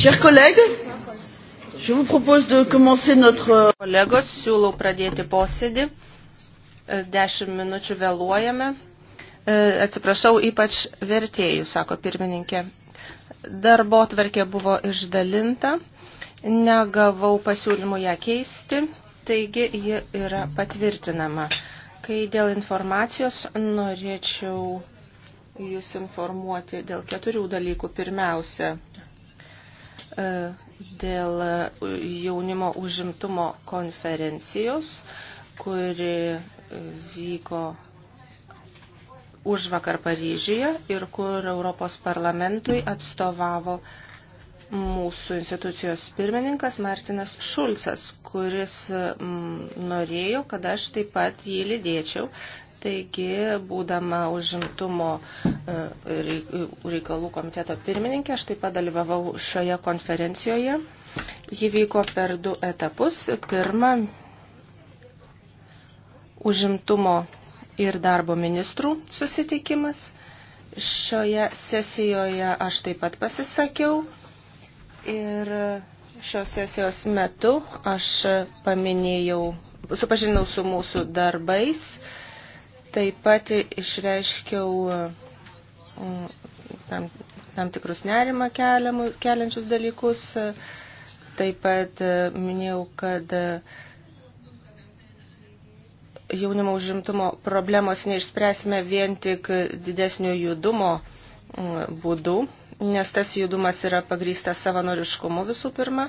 Chers collègues, je vous propose de commencer notre... Kolegos, siūlau pradėti posėdį. E, dešimt minučių vėluojame. E, atsiprašau, ypač vertėjų, sako pirmininkė. Darbo tvarkė buvo išdalinta. Negavau pasiūlymų ją keisti, taigi ji yra patvirtinama. Kai dėl informacijos norėčiau Jūs informuoti dėl keturių dalykų. Pirmiausia, E, dėl jaunimo užimtumo konferencijos, kuri vyko užvakar Paryžiuje ir kur Europos parlamentui atstovavo mūsų institucijos pirmininkas Martinas Šulcas, kuris mm, norėjo, kad aš taip pat jį lydėčiau Taigi, būdama užimtumo e, reikalų komiteto pirmininkė, aš taip pat dalyvavau šioje konferencijoje. Ji vyko per du etapus. Pirma, užimtumo ir darbo ministrų susitikimas. Šioje sesijoje aš taip pat pasisakiau ir šios sesijos metu aš paminėjau, supažinau su mūsų darbais Taip pat išreiškiau e, tam, tam tikrus nerimą keliamų, keliančius dalykus. Taip pat e, minėjau, kad e, jaunimo užimtumo problemos neišspręsime vien tik didesnio judumo būdu nes tas judumas yra pagrystas savanoriškumu visų pirma.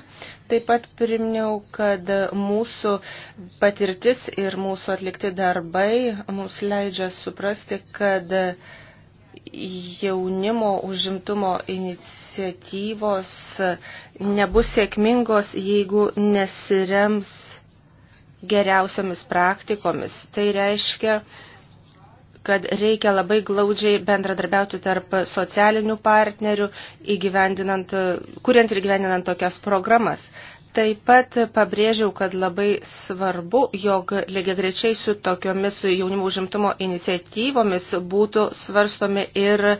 Taip pat priminiau, kad mūsų patirtis ir mūsų atlikti darbai mums leidžia suprasti, kad jaunimo užimtumo iniciatyvos nebus sėkmingos, jeigu nesirems geriausiamis praktikomis. Tai reiškia, kad reikia labai glaudžiai bendradarbiauti tarp socialinių partnerių, kuriant ir gyveninant tokias programas. Taip pat pabrėžiau, kad labai svarbu, jog lygiai grečiai su tokiomis jaunimo užimtumo iniciatyvomis būtų svarstomi ir e,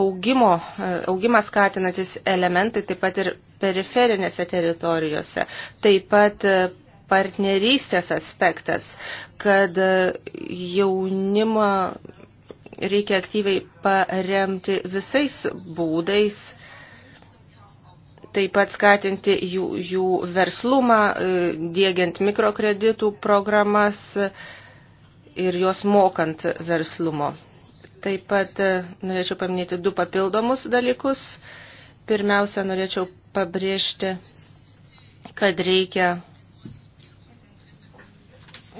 augimo, e, augimą skatinantis elementai, taip pat ir periferinėse teritorijose. Taip pat e, partnerystės aspektas, kad jaunimą reikia aktyviai paremti visais būdais, taip pat skatinti jų, jų verslumą, dėgiant mikrokreditų programas ir juos mokant verslumo. Taip pat e, norėčiau paminėti du papildomus dalykus. Pirmiausia, norėčiau pabrėžti, kad reikia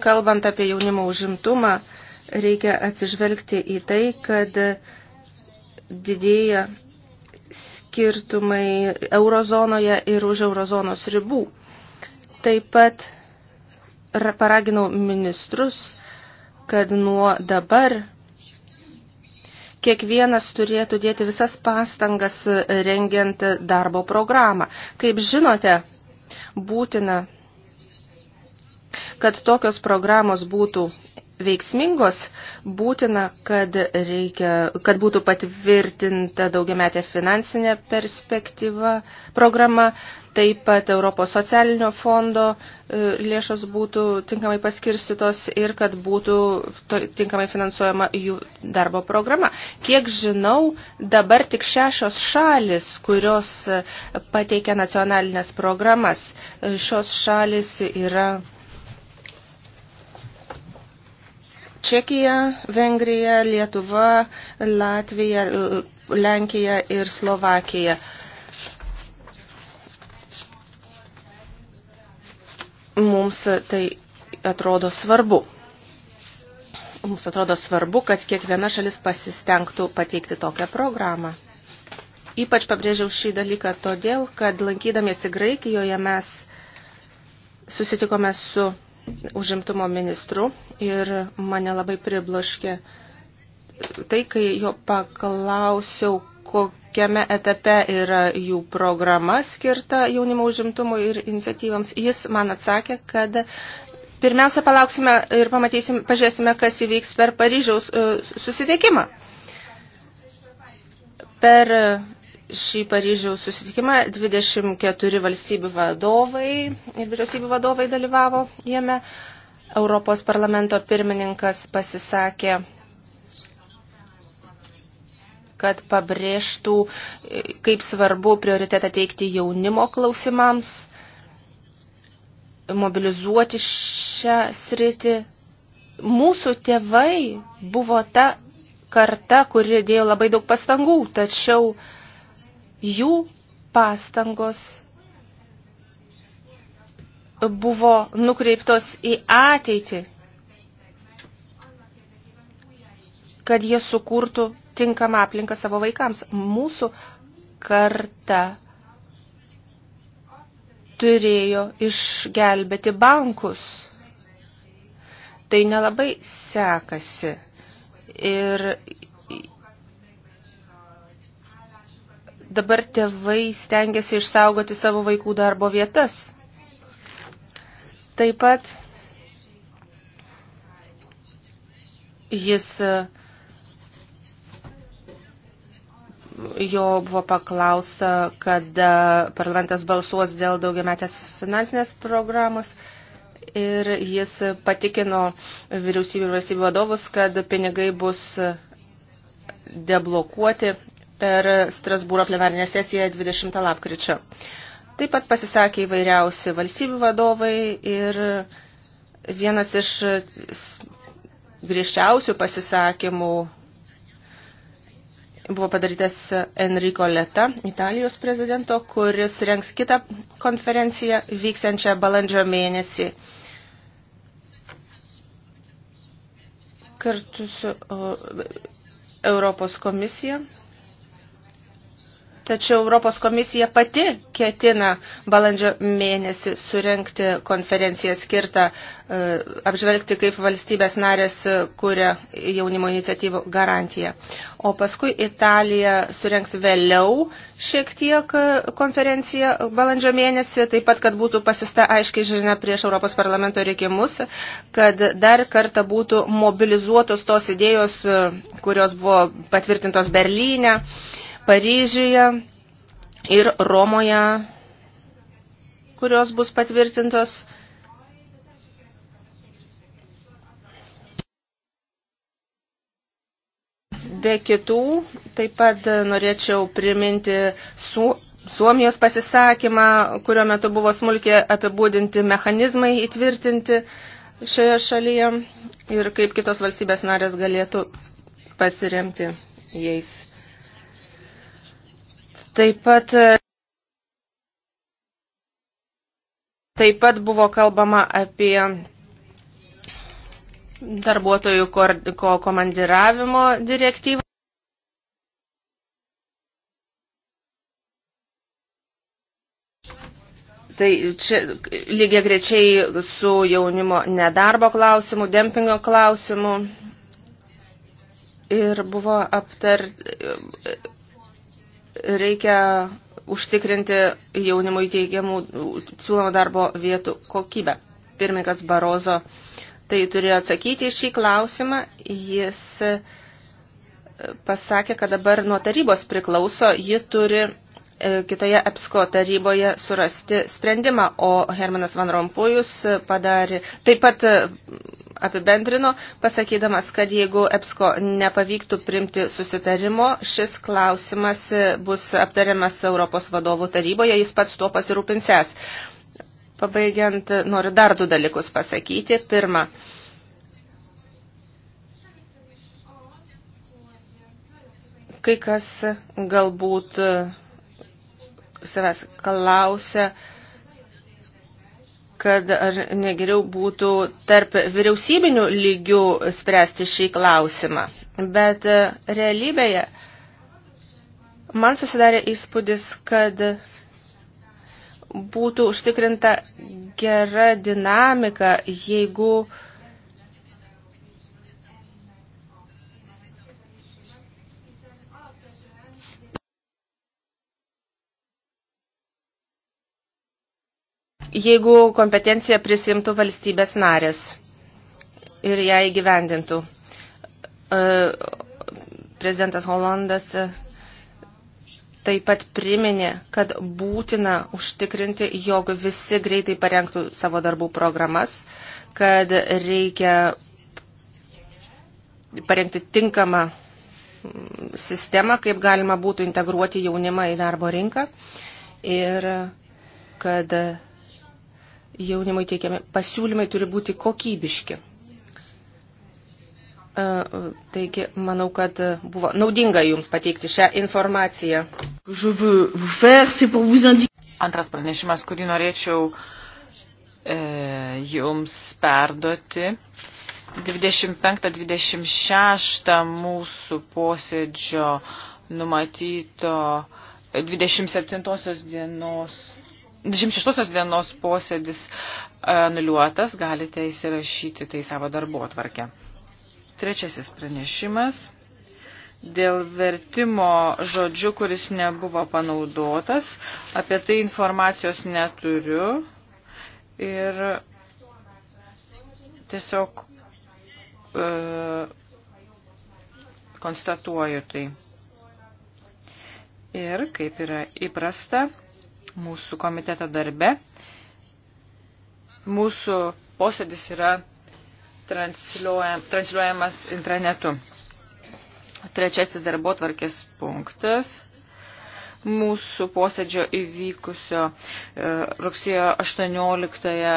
Kalbant apie jaunimo užimtumą, reikia atsižvelgti į tai, kad didėja skirtumai eurozonoje ir už eurozonos ribų. Taip pat paraginau ministrus, kad nuo dabar kiekvienas turėtų dėti visas pastangas rengiant darbo programą. Kaip žinote, būtina Kad tokios programos būtų veiksmingos, būtina, kad, reikia, kad būtų patvirtinta daugiametė finansinė perspektyva programa, taip pat Europos socialinio fondo e, lėšos būtų tinkamai paskirstytos ir kad būtų tinkamai finansuojama jų darbo programa. Kiek žinau, dabar tik šešios šalis, kurios e, pateikia nacionalinės programas, e, šios šalis yra Čekija, Vengrija, Lietuva, Latvija, Lenkija ir Slovakija. Mums tai atrodo svarbu. Mums atrodo svarbu, kad kiekviena šalis pasistengtų pateikti tokią programą. Ypač pabrėžiau šį dalyką todėl, kad lankydamiesi Graikijoje mes susitikome su užimtumo ministru ir mane labai pribloškė tai, kai jo paklausiau, kokiame etape yra jų programa skirta jaunimo užimtumui ir iniciatyvams, jis man atsakė, kad pirmiausia palauksime ir pamatysim, pažiūrėsime, kas įvyks per Paryžiaus e, susitikimą. Per šį Paryžiaus susitikimą 24 valstybių vadovai ir vyriausybių vadovai dalyvavo jame. Europos parlamento pirmininkas pasisakė, kad pabrėžtų, kaip svarbu prioritetą teikti jaunimo klausimams, mobilizuoti šią sritį. Mūsų tėvai buvo ta karta, kuri dėjo labai daug pastangų, tačiau jų pastangos buvo nukreiptos į ateitį, kad jie sukurtų tinkamą aplinką savo vaikams. Mūsų karta turėjo išgelbėti bankus. Tai nelabai sekasi. Ir dabar tėvai stengiasi išsaugoti savo vaikų darbo vietas. Taip pat jis jo buvo paklausta, kada parlamentas balsuos dėl daugiametės finansinės programos ir jis patikino vyriausybių ir valstybių vadovus, kad pinigai bus deblokuoti per Strasbūro plenarinę sesiją 20 lapkričio. Taip pat pasisakė įvairiausi valstybių vadovai ir vienas iš griežčiausių pasisakymų buvo padarytas Enrico Leta, Italijos prezidento, kuris rengs kitą konferenciją vyksiančią balandžio mėnesį. Kartu su Europos komisija Tačiau Europos komisija pati ketina balandžio mėnesį surenkti konferenciją skirtą e, apžvelgti, kaip valstybės narės e, kuria jaunimo iniciatyvų garantiją. O paskui Italija surenks vėliau šiek tiek e, konferenciją balandžio mėnesį, taip pat, kad būtų pasiusta aiškiai žinia prieš Europos parlamento reikimus, kad dar kartą būtų mobilizuotos tos idėjos, kurios buvo patvirtintos Berlyne Paryžiuje ir Romoje, kurios bus patvirtintos. Be kitų, taip pat norėčiau priminti su Suomijos pasisakymą, kurio metu buvo smulkiai apibūdinti mechanizmai įtvirtinti šioje šalyje ir kaip kitos valstybės narės galėtų pasiremti jais. Taip pat, taip pat buvo kalbama apie darbuotojų ko komandiravimo direktyvą. Tai čia lygiai grečiai su jaunimo nedarbo klausimu, dempingo klausimu ir buvo aptar, reikia užtikrinti jaunimui teigiamų siūlomų darbo vietų kokybę. Pirmininkas Barozo tai turėjo atsakyti į šį klausimą. Jis e, pasakė, kad dabar nuo tarybos priklauso, ji turi e, kitoje EPSCO taryboje surasti sprendimą, o Hermanas Van Rompujus padarė, taip pat apibendrino, pasakydamas, kad jeigu EPSCO nepavyktų primti susitarimo, šis klausimas bus aptariamas Europos vadovų taryboje, jis pats tuo pasirūpinsęs. Pabaigiant, noriu dar du dalykus pasakyti. Pirma, kai kas galbūt savęs klausia, kad ar negeriau būtų tarp vyriausybinių lygių spręsti šį klausimą. Bet e, realybėje man susidarė įspūdis, kad būtų užtikrinta gera dinamika, jeigu uh, jeigu kompetenciją prisimtų valstybės narės ir ją įgyvendintų. E, prezidentas Holandas taip pat priminė, kad būtina užtikrinti, jog visi greitai parengtų savo darbų programas, kad reikia parengti tinkamą sistemą, kaip galima būtų integruoti jaunimą į darbo rinką ir kad jaunimui teikiami pasiūlymai turi būti kokybiški. E, taigi, manau, kad buvo naudinga Jums pateikti šią informaciją. Antras pranešimas, kurį norėčiau e, Jums perduoti. 25-26 mūsų posėdžio numatyto 27 dienos 26 dienos posėdis e, anuliuotas, galite įsirašyti tai savo darbo atvarkę. Trečiasis pranešimas dėl vertimo žodžiu, kuris nebuvo panaudotas. Apie tai informacijos neturiu. Ir tiesiog e, konstatuoju tai. Ir kaip yra įprasta, mūsų komiteto darbe. Mūsų posėdis yra transliuojamas intranetu. Trečiasis darbo tvarkės punktas mūsų posėdžio įvykusio e, rugsėjo 18 e,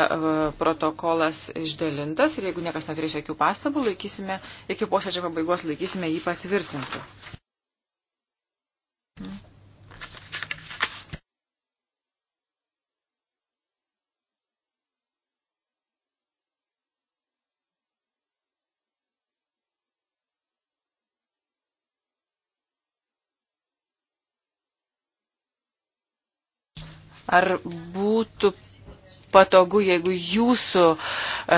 protokolas išdalintas ir jeigu niekas neturės jokių pastabų, laikysime, iki posėdžio pabaigos laikysime jį patvirtintų. Ar būtų patogu, jeigu jūsų e,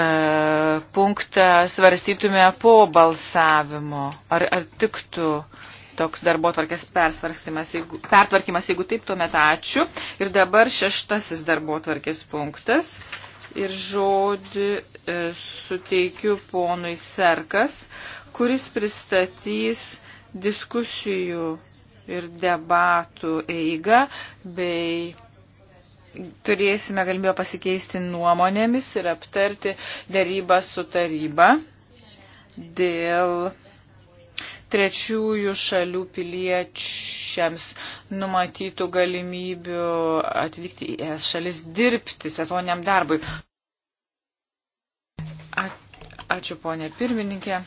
punktą svarstytume po balsavimo? Ar, ar tiktų toks darbo tvarkės jeigu, pertvarkymas? Jeigu taip, tuomet ačiū. Ir dabar šeštasis darbo tvarkės punktas. Ir žodį e, suteikiu ponui Serkas, kuris pristatys diskusijų ir debatų eigą bei turėsime galimybę pasikeisti nuomonėmis ir aptarti dėrybą su taryba dėl trečiųjų šalių piliečiams numatytų galimybių atvykti į ES šalis dirbti sezoniniam darbui. Ačiū, ponė pirmininkė.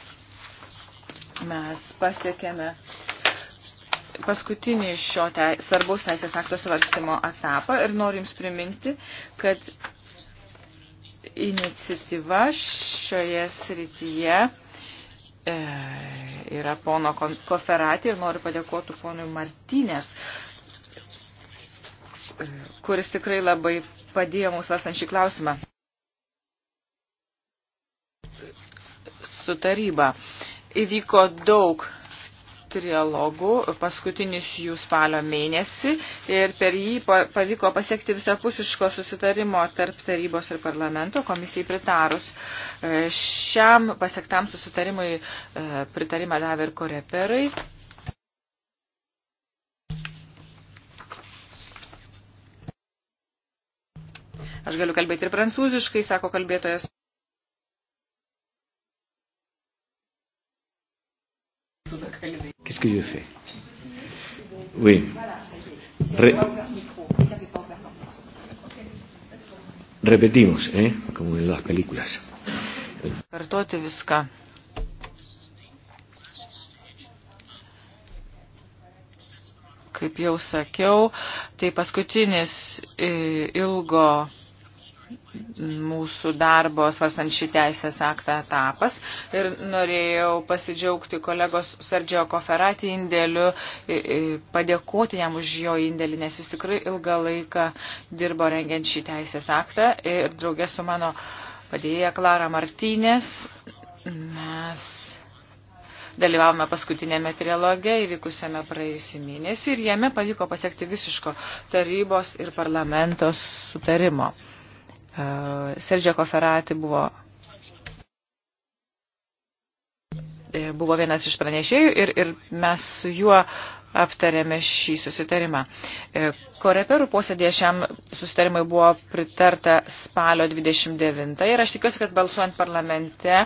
Mes pasiekėme paskutinį šio te, svarbaus teisės akto svarstymo etapą ir noriu Jums priminti, kad iniciatyva šioje srityje e, yra pono Koferatė ir noriu padėkoti ponui Martynės, e, kuris tikrai labai padėjo mums varstant šį klausimą su taryba. Įvyko daug trialogų, paskutinis jų spalio mėnesį ir per jį pavyko pasiekti visapusiško susitarimo tarp tarybos ir parlamento komisijai pritarus. E, šiam pasiektam susitarimui e, pritarimą davė ir koreperai. Aš galiu kalbėti ir prancūziškai, sako kalbėtojas. Qu'est-ce que je fais Oui. Re... Repetimos, ¿eh? Como en las películas. Kartoti viską. Kaip jau sakiau, tai paskutinis ilgo mūsų darbo svarstant šį teisės aktą etapas ir norėjau pasidžiaugti kolegos Sardžio Koferatį indėliu, padėkoti jam už jo indėlį, nes jis tikrai ilgą laiką dirbo rengiant šį teisės aktą ir draugė su mano padėjėja Klara Martynės mes dalyvavome paskutinėme trialoge įvykusiame praėjusį mėnesį ir jame pavyko pasiekti visiško tarybos ir parlamentos sutarimo. E, Sergio Koferati buvo, e, buvo vienas iš pranešėjų ir, ir mes su juo aptarėme šį susitarimą. E, Koreperų posėdėje šiam susitarimui buvo pritarta spalio 29 ir aš tikiuosi, kad balsuojant parlamente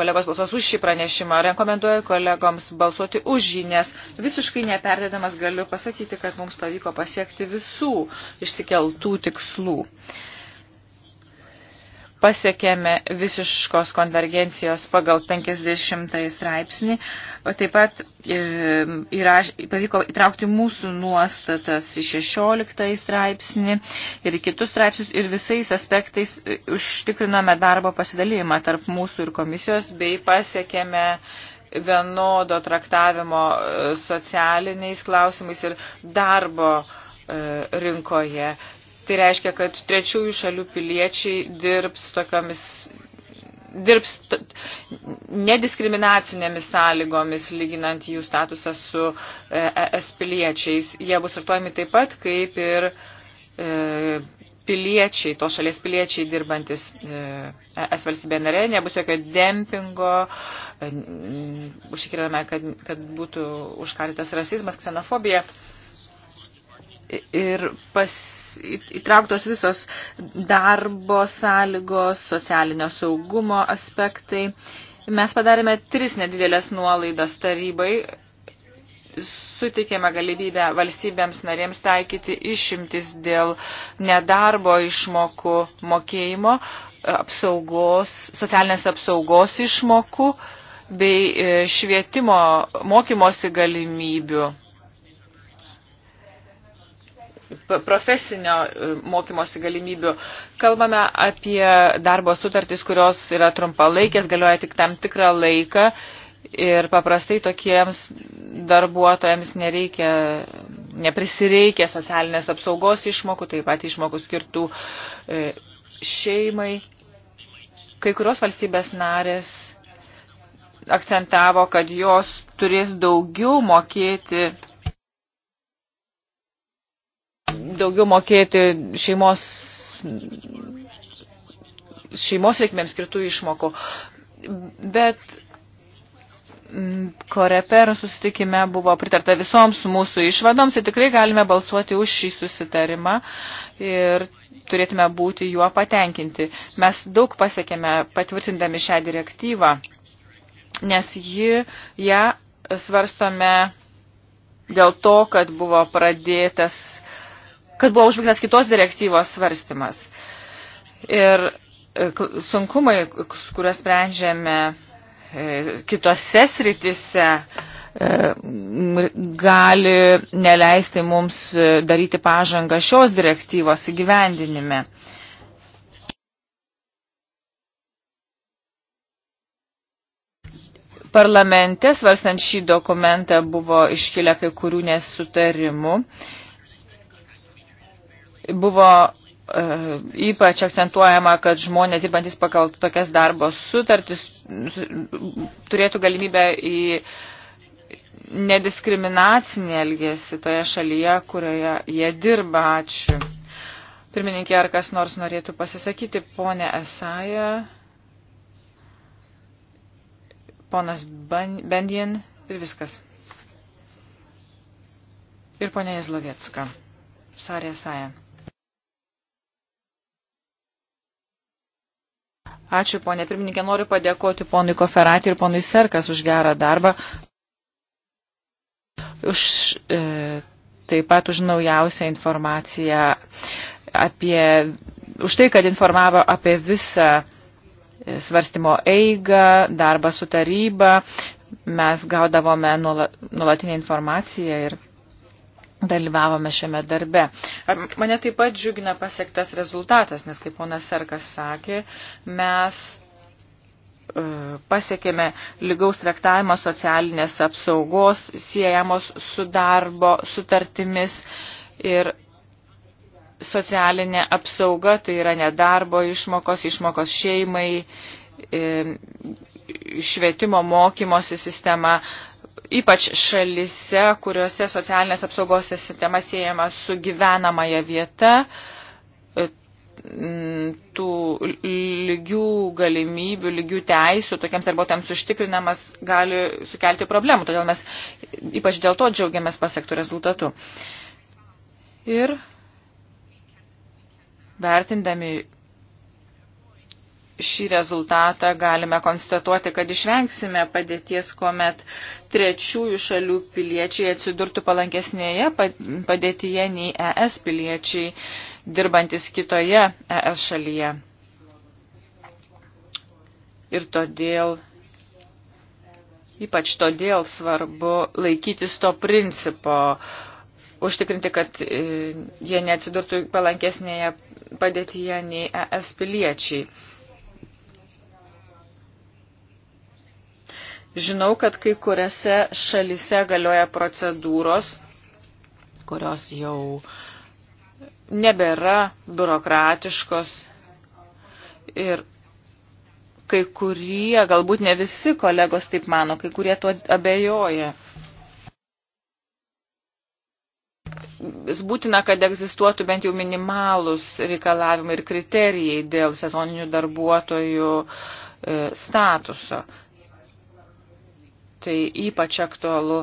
kolegos balsuos už šį pranešimą. Rekomenduoju kolegoms balsuoti už jį, nes visiškai neperdėdamas galiu pasakyti, kad mums pavyko pasiekti visų išsikeltų tikslų. Uh, pasiekėme visiškos konvergencijos pagal 50 straipsnį, o taip pat e, įraž, pavyko įtraukti mūsų nuostatas į 16 straipsnį ir kitus straipsnius ir visais aspektais e, užtikriname darbo pasidalymą tarp mūsų ir komisijos bei pasiekėme vienodo traktavimo e, socialiniais klausimais ir darbo rinkoje. Tai reiškia, kad trečiųjų šalių piliečiai dirbs tokiamis dirbs nediskriminacinėmis sąlygomis, lyginant jų statusą su ES e piliečiais. Jie bus traktuojami taip pat, kaip ir e, piliečiai, to šalies piliečiai dirbantis es e valstybė narė, nebus jokio dempingo, e, užtikriname, kad, kad būtų užkardytas rasizmas, ksenofobija. E, ir pas, įtrauktos visos darbo sąlygos, socialinio saugumo aspektai. Mes padarėme tris nedidelės nuolaidas tarybai, sutikėme galimybę valstybėms narėms taikyti išimtis dėl nedarbo išmokų mokėjimo, apsaugos, socialinės apsaugos išmokų bei e, švietimo mokymosi galimybių profesinio e, mokymosi galimybių. Kalbame apie darbo sutartys, kurios yra trumpalaikės, galioja tik tam tikrą laiką ir paprastai tokiems darbuotojams nereikia, neprisireikia socialinės apsaugos išmokų, taip pat išmokų skirtų e, šeimai. Kai kurios valstybės narės akcentavo, kad jos turės daugiau mokėti daugiau mokėti šeimos, šeimos reikmėms skirtų išmokų. Bet mm, Koreper susitikime buvo pritarta visoms mūsų išvadoms ir tikrai galime balsuoti už šį susitarimą ir turėtume būti juo patenkinti. Mes daug pasiekėme patvirtindami šią direktyvą, nes ji, ją svarstome dėl to, kad buvo pradėtas kad buvo užbaigtas kitos direktyvos svarstymas. Ir e, sunkumai, kuriuos sprendžiame e, kitose sritise, e, gali neleisti mums daryti pažangą šios direktyvos įgyvendinime. Parlamente svarstant šį dokumentą buvo iškilę kai kurių nesutarimų Buvo e, ypač akcentuojama, kad žmonės dirbantis pagal tokias darbo sutartis turėtų galimybę į nediskriminacinį elgesį toje šalyje, kurioje jie dirba. Ačiū. Pirmininkė, ar kas nors norėtų pasisakyti, ponė Esaja, ponas Bendien ir viskas. Ir ponė Jezlovietska. Sarė Esaja. Ačiū, ponė pirmininkė. Noriu padėkoti ponui Koferatį ir ponui Serkas už gerą darbą. Už, e, taip pat už naujausią informaciją apie, už tai, kad informavo apie visą e, svarstymo eigą, darbą su taryba. Mes gaudavome nuolatinę informaciją ir dalyvavome šiame darbe. Mane taip pat džiugina pasiektas rezultatas, nes kaip ponas Serkas sakė, mes e, pasiekėme lygaus traktavimo socialinės apsaugos siejamos su darbo sutartimis ir socialinė apsauga, tai yra nedarbo išmokos, išmokos šeimai, e, švietimo mokymosi sistema, ypač šalise, kuriuose socialinės apsaugos sistema siejama su gyvenamąją vietą, e, tų lygių galimybių, lygių teisų tokiems darbuotojams užtikrinamas gali sukelti problemų. Todėl mes ypač dėl to džiaugiamės pasiektų rezultatų. Ir vertindami šį rezultatą galime konstatuoti, kad išvengsime padėties, kuomet trečiųjų šalių piliečiai atsidurtų palankesnėje padėtyje nei ES piliečiai dirbantis kitoje ES šalyje. Ir todėl, ypač todėl svarbu laikytis to principo, užtikrinti, kad e, jie neatsidurtų palankesnėje padėtyje nei ES piliečiai. Žinau, kad kai kuriuose šalise galioja procedūros, kurios jau nebėra biurokratiškos ir kai kurie, galbūt ne visi kolegos taip mano, kai kurie tuo abejoja. Vis būtina, kad egzistuotų bent jau minimalus reikalavimai ir kriterijai dėl sezoninių darbuotojų e, statuso. Tai ypač aktualu,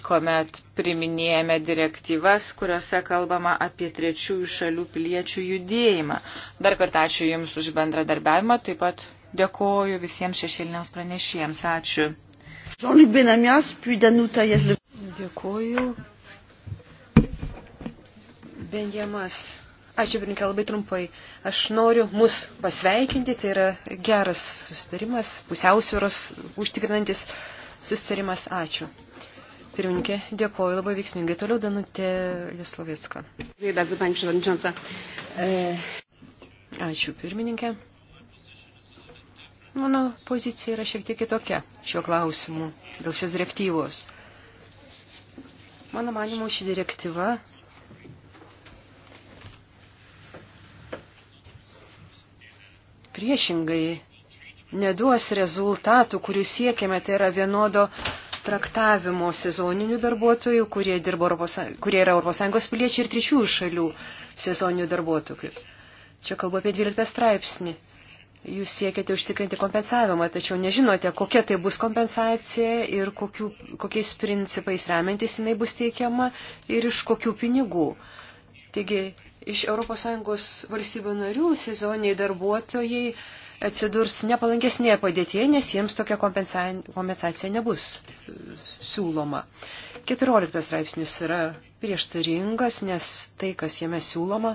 kuomet priminėjame direktyvas, kuriuose kalbama apie trečiųjų šalių piliečių judėjimą. Dar kartą ačiū Jums už bendradarbiavimą, taip pat dėkoju visiems šešėliniams pranešėjams. Ačiū. Jean-Luc Benamias, puis Danuta Jezle. Dėkoju. Benjamas. Ačiū, Brinkė, labai trumpai. Aš noriu mus pasveikinti, tai yra geras susitarimas, pusiausvėros užtikrinantis susitarimas. Ačiū. Pirmininkė, dėkuoju labai veiksmingai. Toliau Danutė Jaslovicka. E, ačiū, pirmininkė. Mano pozicija yra šiek tiek kitokia šiuo klausimu dėl šios direktyvos. Mano manimo, ši direktyva priešingai neduos rezultatų, kurių siekiame, tai yra vienodo traktavimo sezoninių darbuotojų, kurie, Europos, kurie yra ES piliečiai ir trečių šalių sezoninių darbuotojų. Čia kalbu apie 12 straipsnį. Jūs siekiate užtikrinti kompensavimą, tačiau nežinote, kokia tai bus kompensacija ir kokiu, kokiais principais remiantis jinai bus teikiama ir iš kokių pinigų. Taigi, iš ES valstybių narių sezoniniai darbuotojai atsidurs nepalankesnėje padėtėje, nes jiems tokia kompensacija nebus e, siūloma. 14 straipsnis yra prieštaringas, nes tai, kas jame siūloma,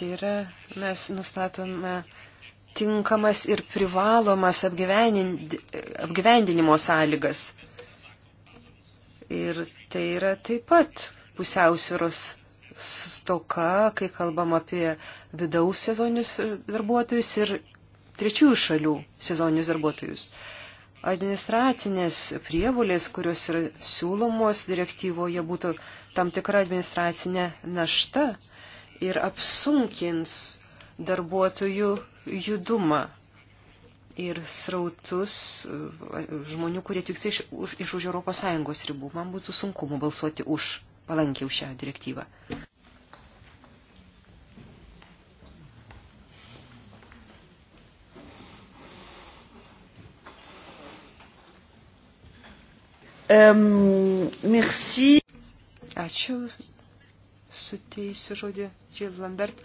tai yra mes nustatome tinkamas ir privalomas apgyvendinimo sąlygas. Ir tai yra taip pat pusiausvėros stoka, kai kalbam apie vidaus sezoninius darbuotojus ir trečiųjų šalių sezoninius darbuotojus. Administracinės prievulės, kurios yra siūlomos direktyvoje, būtų tam tikra administracinė našta ir apsunkins darbuotojų judumą ir srautus e, žmonių, kurie tik iš, iš už Europos Sąjungos ribų. Man būtų sunkumu balsuoti už palankiau šią direktyvą. Um, merci. Ačiū. Suteisiu žodį Jill Lambert.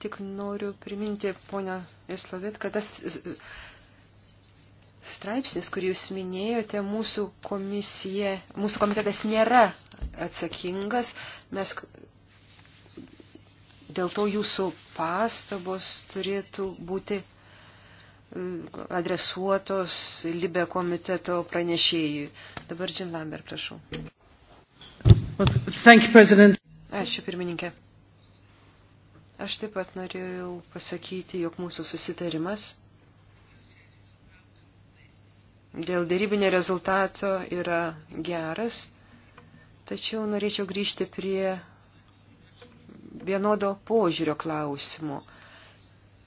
Tik noriu priminti, ponia Islovit, kad tas straipsnis, kurį jūs minėjote, mūsų komisija, mūsų komitetas nėra atsakingas. Mes dėl to jūsų pastabos turėtų būti e, adresuotos Libe komiteto pranešėjui. Dabar Džin Lambert, prašau. Thank you, President. Ačiū, pirmininkė. Aš taip pat norėjau pasakyti, jog mūsų susitarimas dėl dėrybinio rezultato yra geras, tačiau norėčiau grįžti prie vienodo požiūrio klausimų.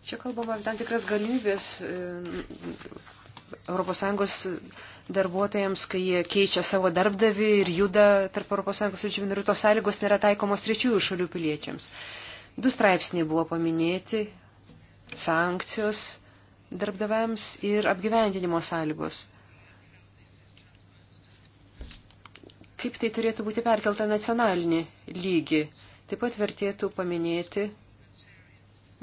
Čia kalbama tam tikras galimybės e, ES darbuotojams, kai jie keičia savo darbdavį ir juda tarp ES valstybių narių, tos sąlygos nėra taikomos trečiųjų šalių piliečiams. Du straipsniai buvo paminėti - sankcijos darbdaviams ir apgyvendinimo sąlygos. kaip tai turėtų būti perkelta nacionalinį lygį. Taip pat vertėtų paminėti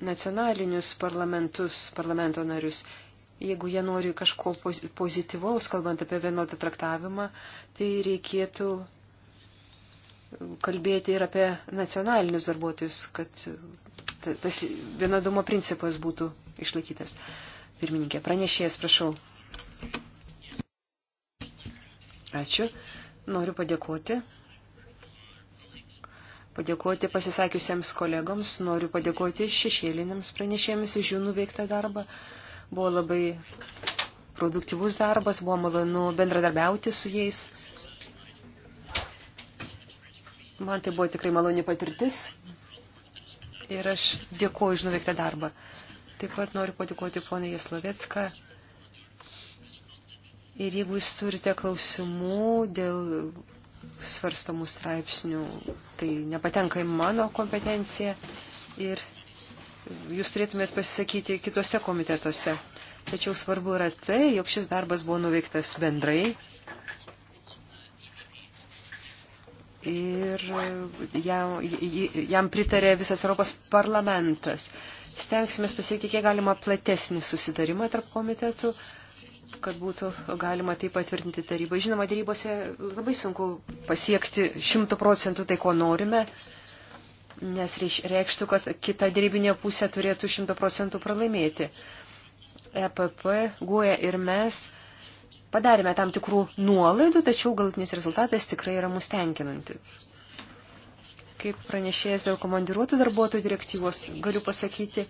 nacionalinius parlamentus, parlamento narius. Jeigu jie nori kažko pozityvaus, kalbant apie vienodą traktavimą, tai reikėtų kalbėti ir apie nacionalinius darbuotojus, kad tas vienodumo principas būtų išlaikytas. Pirmininkė, pranešėjas, prašau. Ačiū. Noriu padėkoti. Padėkoti pasisakiusiems kolegoms, noriu padėkoti šešėlinėms pranešėjams už jų nuveiktą darbą. Buvo labai produktyvus darbas, buvo malonu bendradarbiauti su jais. Man tai buvo tikrai maloni patirtis ir aš dėkuoju už nuveiktą darbą. Taip pat noriu padėkoti ponai Jaslovetską Ir jeigu jūs turite klausimų dėl svarstamų straipsnių, tai nepatenka į mano kompetenciją ir jūs turėtumėt pasisakyti kitose komitetuose. Tačiau svarbu yra tai, jog šis darbas buvo nuveiktas bendrai ir jam, jam pritarė visas Europos parlamentas. Stengsime pasiekti kiek galima platesnį susitarimą tarp komitetų kad būtų galima tai patvirtinti tarybą. Žinoma, darybose labai sunku pasiekti šimtų procentų tai, ko norime, nes reikštų, kad kita darybinė pusė turėtų šimtų procentų pralaimėti. EPP, Guoja e ir mes padarėme tam tikrų nuolaidų, tačiau galutinis rezultatas tikrai yra mus tenkinantis. Kaip pranešėjas dėl komandiruotų darbuotojų direktyvos, galiu pasakyti,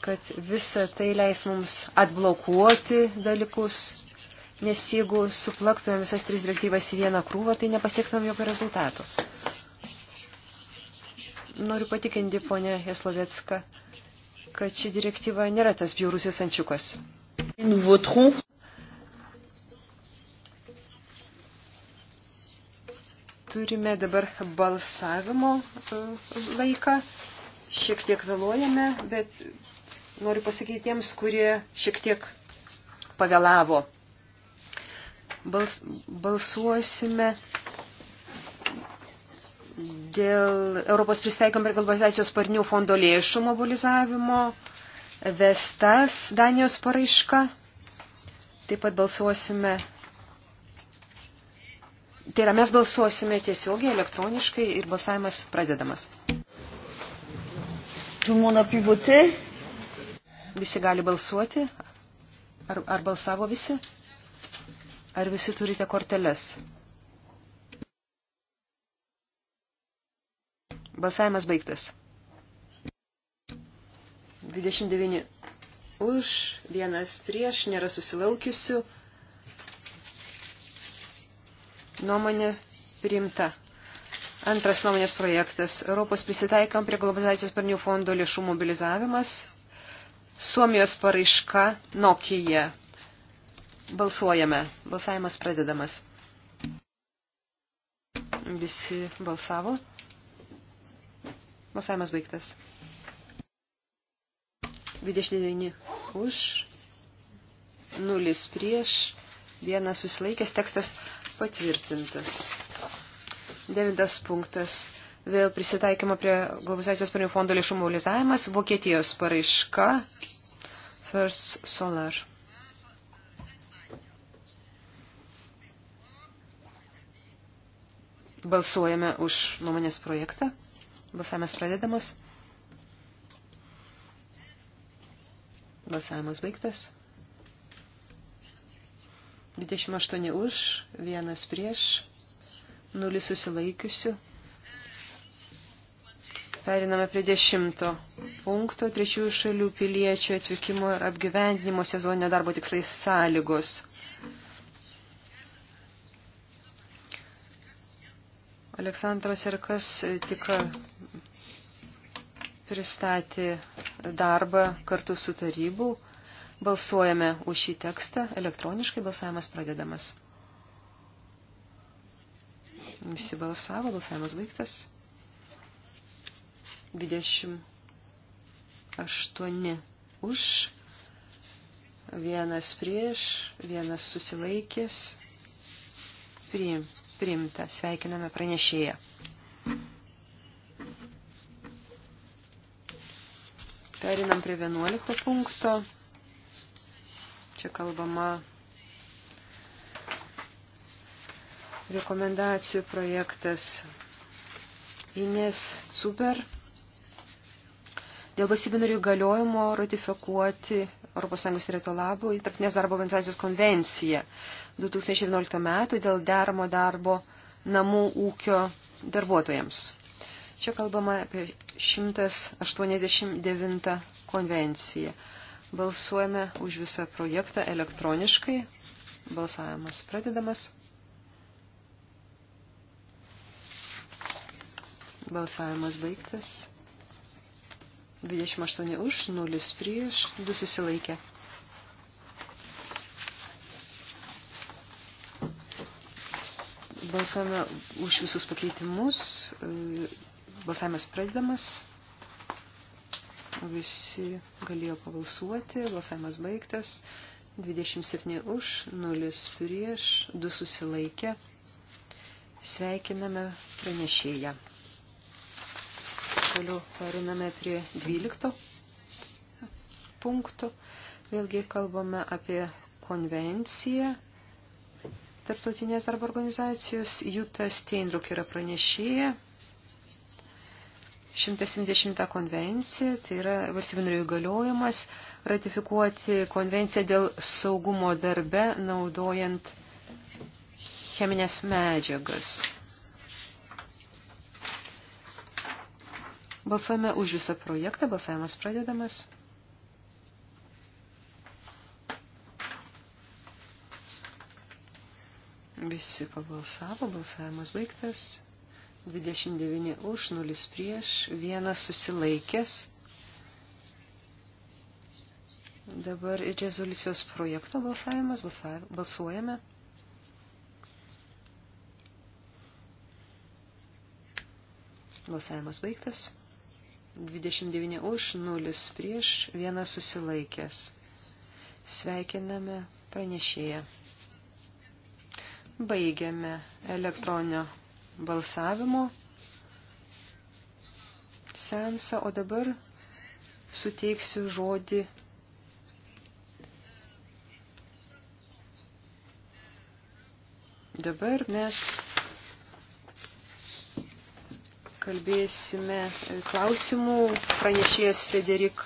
kad visa tai leis mums atblokuoti dalykus, nes jeigu suplaktumėm visas tris direktyvas į vieną krūvą, tai nepasiektumėm jokio rezultato. Noriu patikinti ponę Jeslovetską, kad ši direktyva nėra tas bjaurusis ančiukas. Turime dabar balsavimo e, laiką. Šiek tiek vėluojame, bet Noriu pasakyti tiems, kurie šiek tiek pavėlavo. Bals, balsuosime dėl Europos pristaikomų ir globalizacijos parnių fondo lėšų mobilizavimo, vestas Danijos paraiška. Taip pat balsuosime. Tai yra, mes balsuosime tiesiogiai elektroniškai ir balsavimas pradedamas. Tout le monde a pu voter Visi gali balsuoti? Ar, ar balsavo visi? Ar visi turite korteles? Balsavimas baigtas. 29 už, vienas prieš, nėra susilaukiusių. Nuomonė priimta. Antras nuomonės projektas – Europos prisitaikam prie globalizacijos parnių fondo lėšų mobilizavimas – Suomijos paraiška Nokija. Balsuojame. Balsavimas pradedamas. Visi balsavo. Balsavimas baigtas. 29 už, 0 prieš, 1 susilaikęs, tekstas patvirtintas. Devintas punktas. Vėl prisitaikymo prie globalizacijos premijų fondo lėšų mobilizavimas. Vokietijos paraiška First Solar. Balsuojame už nuomonės projektą. Balsavimas pradedamas. Balsavimas baigtas. 28 už, vienas prieš, nulis susilaikiusių. Periname prie dešimto punkto trečiųjų šalių piliečių atvykimo ir apgyvendinimo sezoninio darbo tikslais sąlygos. Aleksandras Irkas tik pristatė darbą kartu su tarybų. Balsuojame už šį tekstą. Elektroniškai balsavimas pradedamas. Visi balsavo, balsavimas baigtas. 28 už, vienas prieš, vienas susilaikęs. Priim, priimta. Sveikiname pranešėją. Perinam prie 11 punkto. Čia kalbama rekomendacijų projektas Ines Super dėl valstybių narių galiojimo ratifikuoti ES Retolabų įtarpinės darbo organizacijos konvenciją 2011 metų dėl deramo darbo namų ūkio darbuotojams. Čia kalbama apie 189 konvenciją. Balsuojame už visą projektą elektroniškai. Balsavimas pradedamas. Balsavimas baigtas. 28 už, 0 prieš, 2 susilaikė. Balsuojame už visus pakeitimus. Balsavimas pradedamas. Visi galėjo pavalsuoti. Balsavimas baigtas. 27 už, 0 prieš, 2 susilaikė. Sveikiname pranešėją. Toliau periname prie 12 punktų. Vėlgi kalbame apie konvenciją Tarptautinės darbo organizacijos. Juta Steinruk yra pranešėja. 170 konvencija, tai yra valstybių narių įgaliojimas, ratifikuoti konvenciją dėl saugumo darbe naudojant cheminės medžiagas. Balsuojame už visą projektą, balsavimas pradedamas. Visi pabalsavo, balsavimas baigtas. 29 už, 0 prieš, 1 susilaikęs. Dabar rezoliucijos projekto balsavimas, balsuojame. Balsavimas baigtas. 29 už, 0 prieš, 1 susilaikęs. Sveikiname pranešėją. Baigiame elektroninio balsavimo sensą, o dabar suteiksiu žodį Dabar mes kalbėsime klausimų pranešėjas Frederik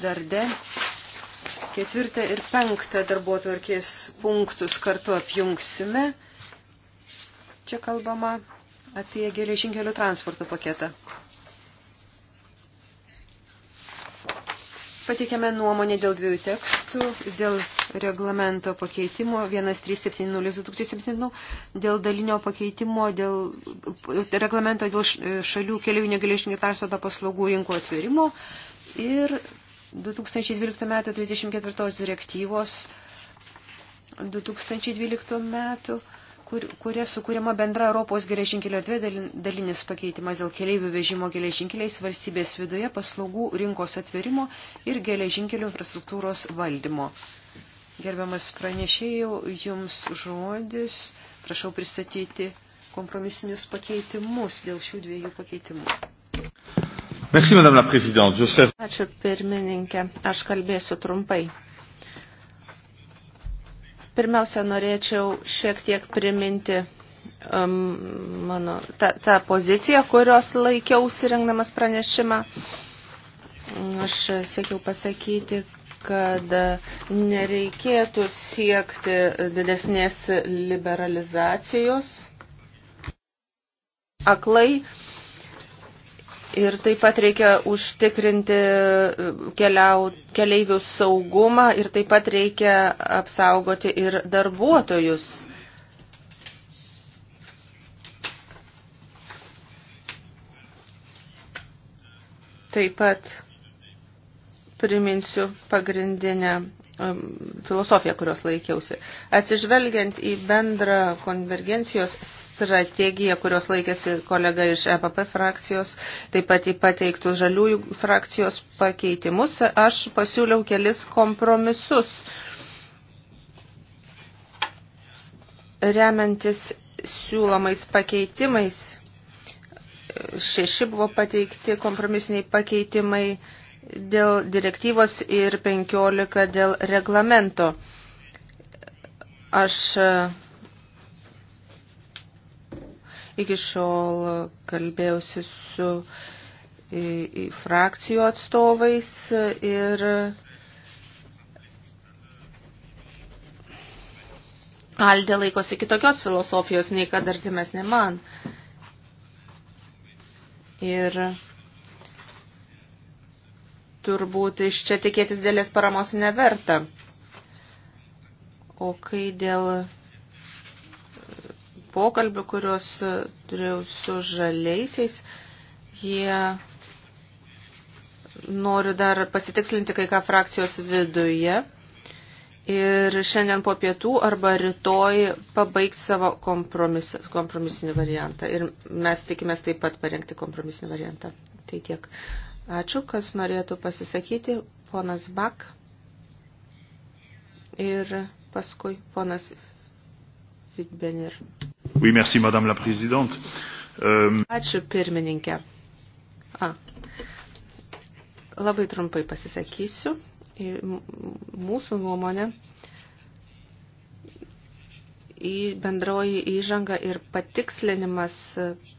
Darde. Ketvirtą ir penktą darbo tvarkės punktus kartu apjungsime. Čia kalbama apie geležinkelių transporto paketą. Pateikėme nuomonę dėl dviejų tekstų, dėl reglamento pakeitimo 1370-2007, dėl dalinio pakeitimo, dėl reglamento dėl e, šalių kelių negalėžinį transporto paslaugų rinkų atvėrimo ir 2012 m. 34 direktyvos 2012 m kur, kuria sukūrima bendra Europos geležinkelio dvi dalinis pakeitimas dėl keleivių vežimo geležinkeliais valstybės viduje paslaugų rinkos atverimo ir geležinkelio infrastruktūros valdymo. Gerbiamas pranešėjau, jums žodis, prašau pristatyti kompromisinius pakeitimus dėl šių dviejų pakeitimų. Merci, Ačiū pirmininkė, aš kalbėsiu trumpai. Pirmiausia, norėčiau šiek tiek priminti um, mano, tą, tą poziciją, kurios laikiausi rengdamas pranešimą. Aš siekiau pasakyti, kad nereikėtų siekti didesnės liberalizacijos aklai Ir taip pat reikia užtikrinti e, keliau, keleivių saugumą ir taip pat reikia apsaugoti ir darbuotojus. Taip pat priminsiu pagrindinę Um, filosofija, kurios laikiausi. Atsižvelgiant į bendrą konvergencijos strategiją, kurios laikėsi kolega iš EPP frakcijos, taip pat į pateiktus žaliųjų frakcijos pakeitimus, aš pasiūliau kelis kompromisus. Remiantis siūlomais pakeitimais, šeši buvo pateikti kompromisiniai pakeitimai dėl direktyvos ir 15 dėl reglamento. Aš e, iki šiol kalbėjausi su e, frakcijų atstovais ir Aldė laikosi kitokios filosofijos nei kad artimesnė man. Ir turbūt iš čia tikėtis dėlės paramos neverta. O kai dėl e, pokalbių, kuriuos e, turėjau su žaliaisiais, jie noriu dar pasitikslinti kai ką frakcijos viduje. Ir šiandien po pietų arba rytoj pabaigs savo kompromis, kompromisinį variantą. Ir mes tikimės taip pat parengti kompromisinį variantą. Tai tiek. Ačiū, kas norėtų pasisakyti. Ponas Bak ir paskui ponas Fitbenir. Oui, merci, madame la présidente. Um... Ačiū, pirmininkė. A. Labai trumpai pasisakysiu. Mūsų nuomonė į bendroji įžanga ir patikslinimas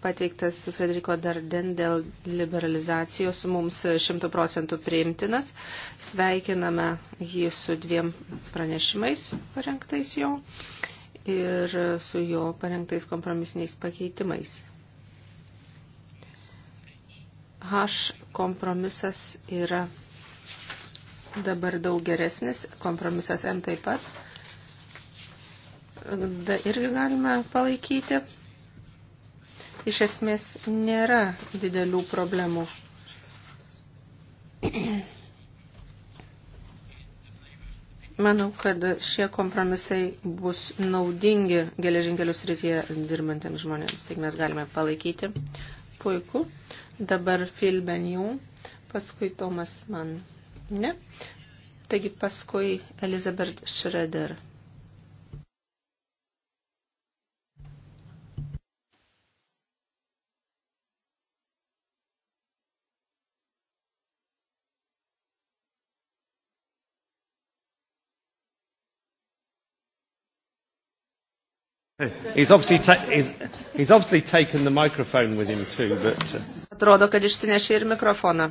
pateiktas Frederiko Darden dėl liberalizacijos mums 100 procentų priimtinas. Sveikiname jį su dviem pranešimais parengtais jo ir su jo parengtais kompromisiniais pakeitimais. H kompromisas yra dabar daug geresnis, kompromisas M taip pat D irgi galime palaikyti. Iš esmės nėra didelių problemų. Manau, kad šie kompromisai bus naudingi geležinkelius rytyje dirbantiems žmonėms. Taigi mes galime palaikyti. Puiku. Dabar Phil Benjų, paskui Tomas man. Ne. Taigi paskui Elizabeth Schroeder. He's obviously, ta he's, he's obviously taken the microphone with him too, but... Uh, Atrodo, kad išsinešė ir mikrofoną.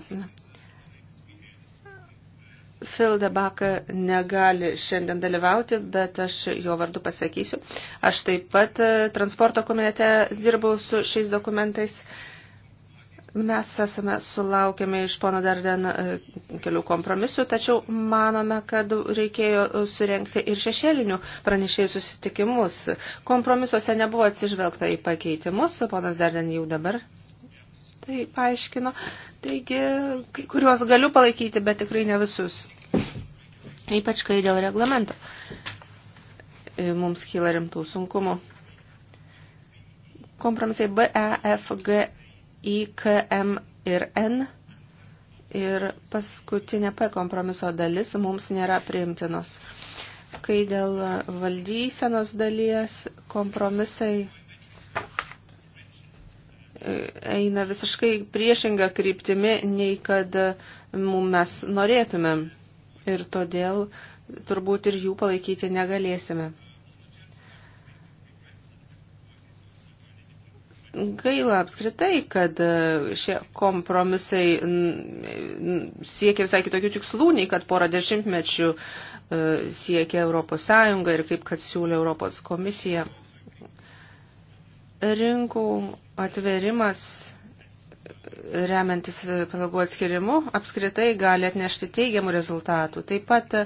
Phil Debaka negali šiandien dalyvauti, bet aš jo vardu pasakysiu. Aš taip pat e, transporto komitete dirbau su šiais dokumentais. Uh, Mes esame sulaukėme iš pono Darden e, kelių kompromisų, tačiau manome, kad reikėjo surenkti ir šešėlinių pranešėjų susitikimus. Kompromisuose nebuvo atsižvelgta į pakeitimus, ponas Darden jau dabar tai paaiškino. Taigi, kai kuriuos galiu palaikyti, bet tikrai ne visus. Ypač kai dėl reglamento. E, mums kyla rimtų sunkumų. Kompromisai B, E, F, G, I, K, M ir N. Ir paskutinė P kompromiso dalis mums nėra priimtinos. Kai dėl valdysenos dalies kompromisai e, eina visiškai priešinga kryptimi, nei kad mes norėtumėm. Ir todėl turbūt ir jų palaikyti negalėsime. Gaila apskritai, kad e, šie kompromisai siekia visai kitokių tikslų, nei kad porą dešimtmečių e, siekia Europos Sąjunga ir kaip kad siūlė Europos komisija. Rinkų atverimas remiantis pelagų atskirimu, apskritai gali atnešti teigiamų rezultatų. Taip pat e,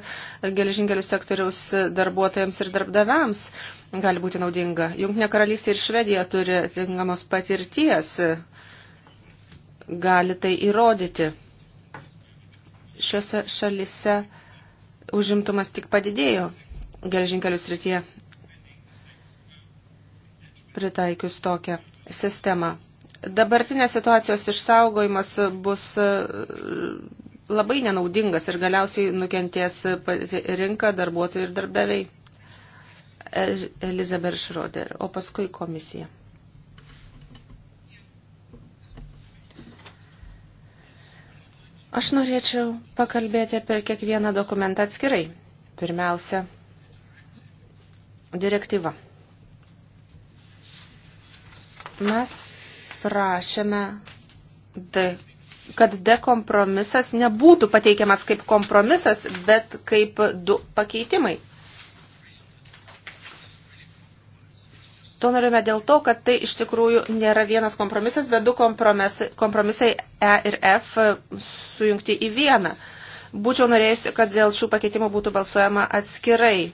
geležinkelių sektoriaus darbuotojams ir darbdaviams gali būti naudinga. Junknė karalystė ir Švedija turi atitinkamos patirties, gali tai įrodyti. Šiuose šalise užimtumas tik padidėjo geležinkelių srityje pritaikius tokią sistemą dabartinės situacijos išsaugojimas bus e, labai nenaudingas ir galiausiai nukentės rinka, darbuotojai ir darbdaviai. Elizabeth Schroeder, o paskui komisija. Aš norėčiau pakalbėti apie kiekvieną dokumentą atskirai. Pirmiausia, direktyva. Mes prašėme, kad D kompromisas nebūtų pateikiamas kaip kompromisas, bet kaip du pakeitimai. To norime dėl to, kad tai iš tikrųjų nėra vienas kompromisas, bet du kompromisai, kompromisai E ir F sujungti į vieną. Būčiau norėjusi, kad dėl šių pakeitimų būtų balsuojama atskirai,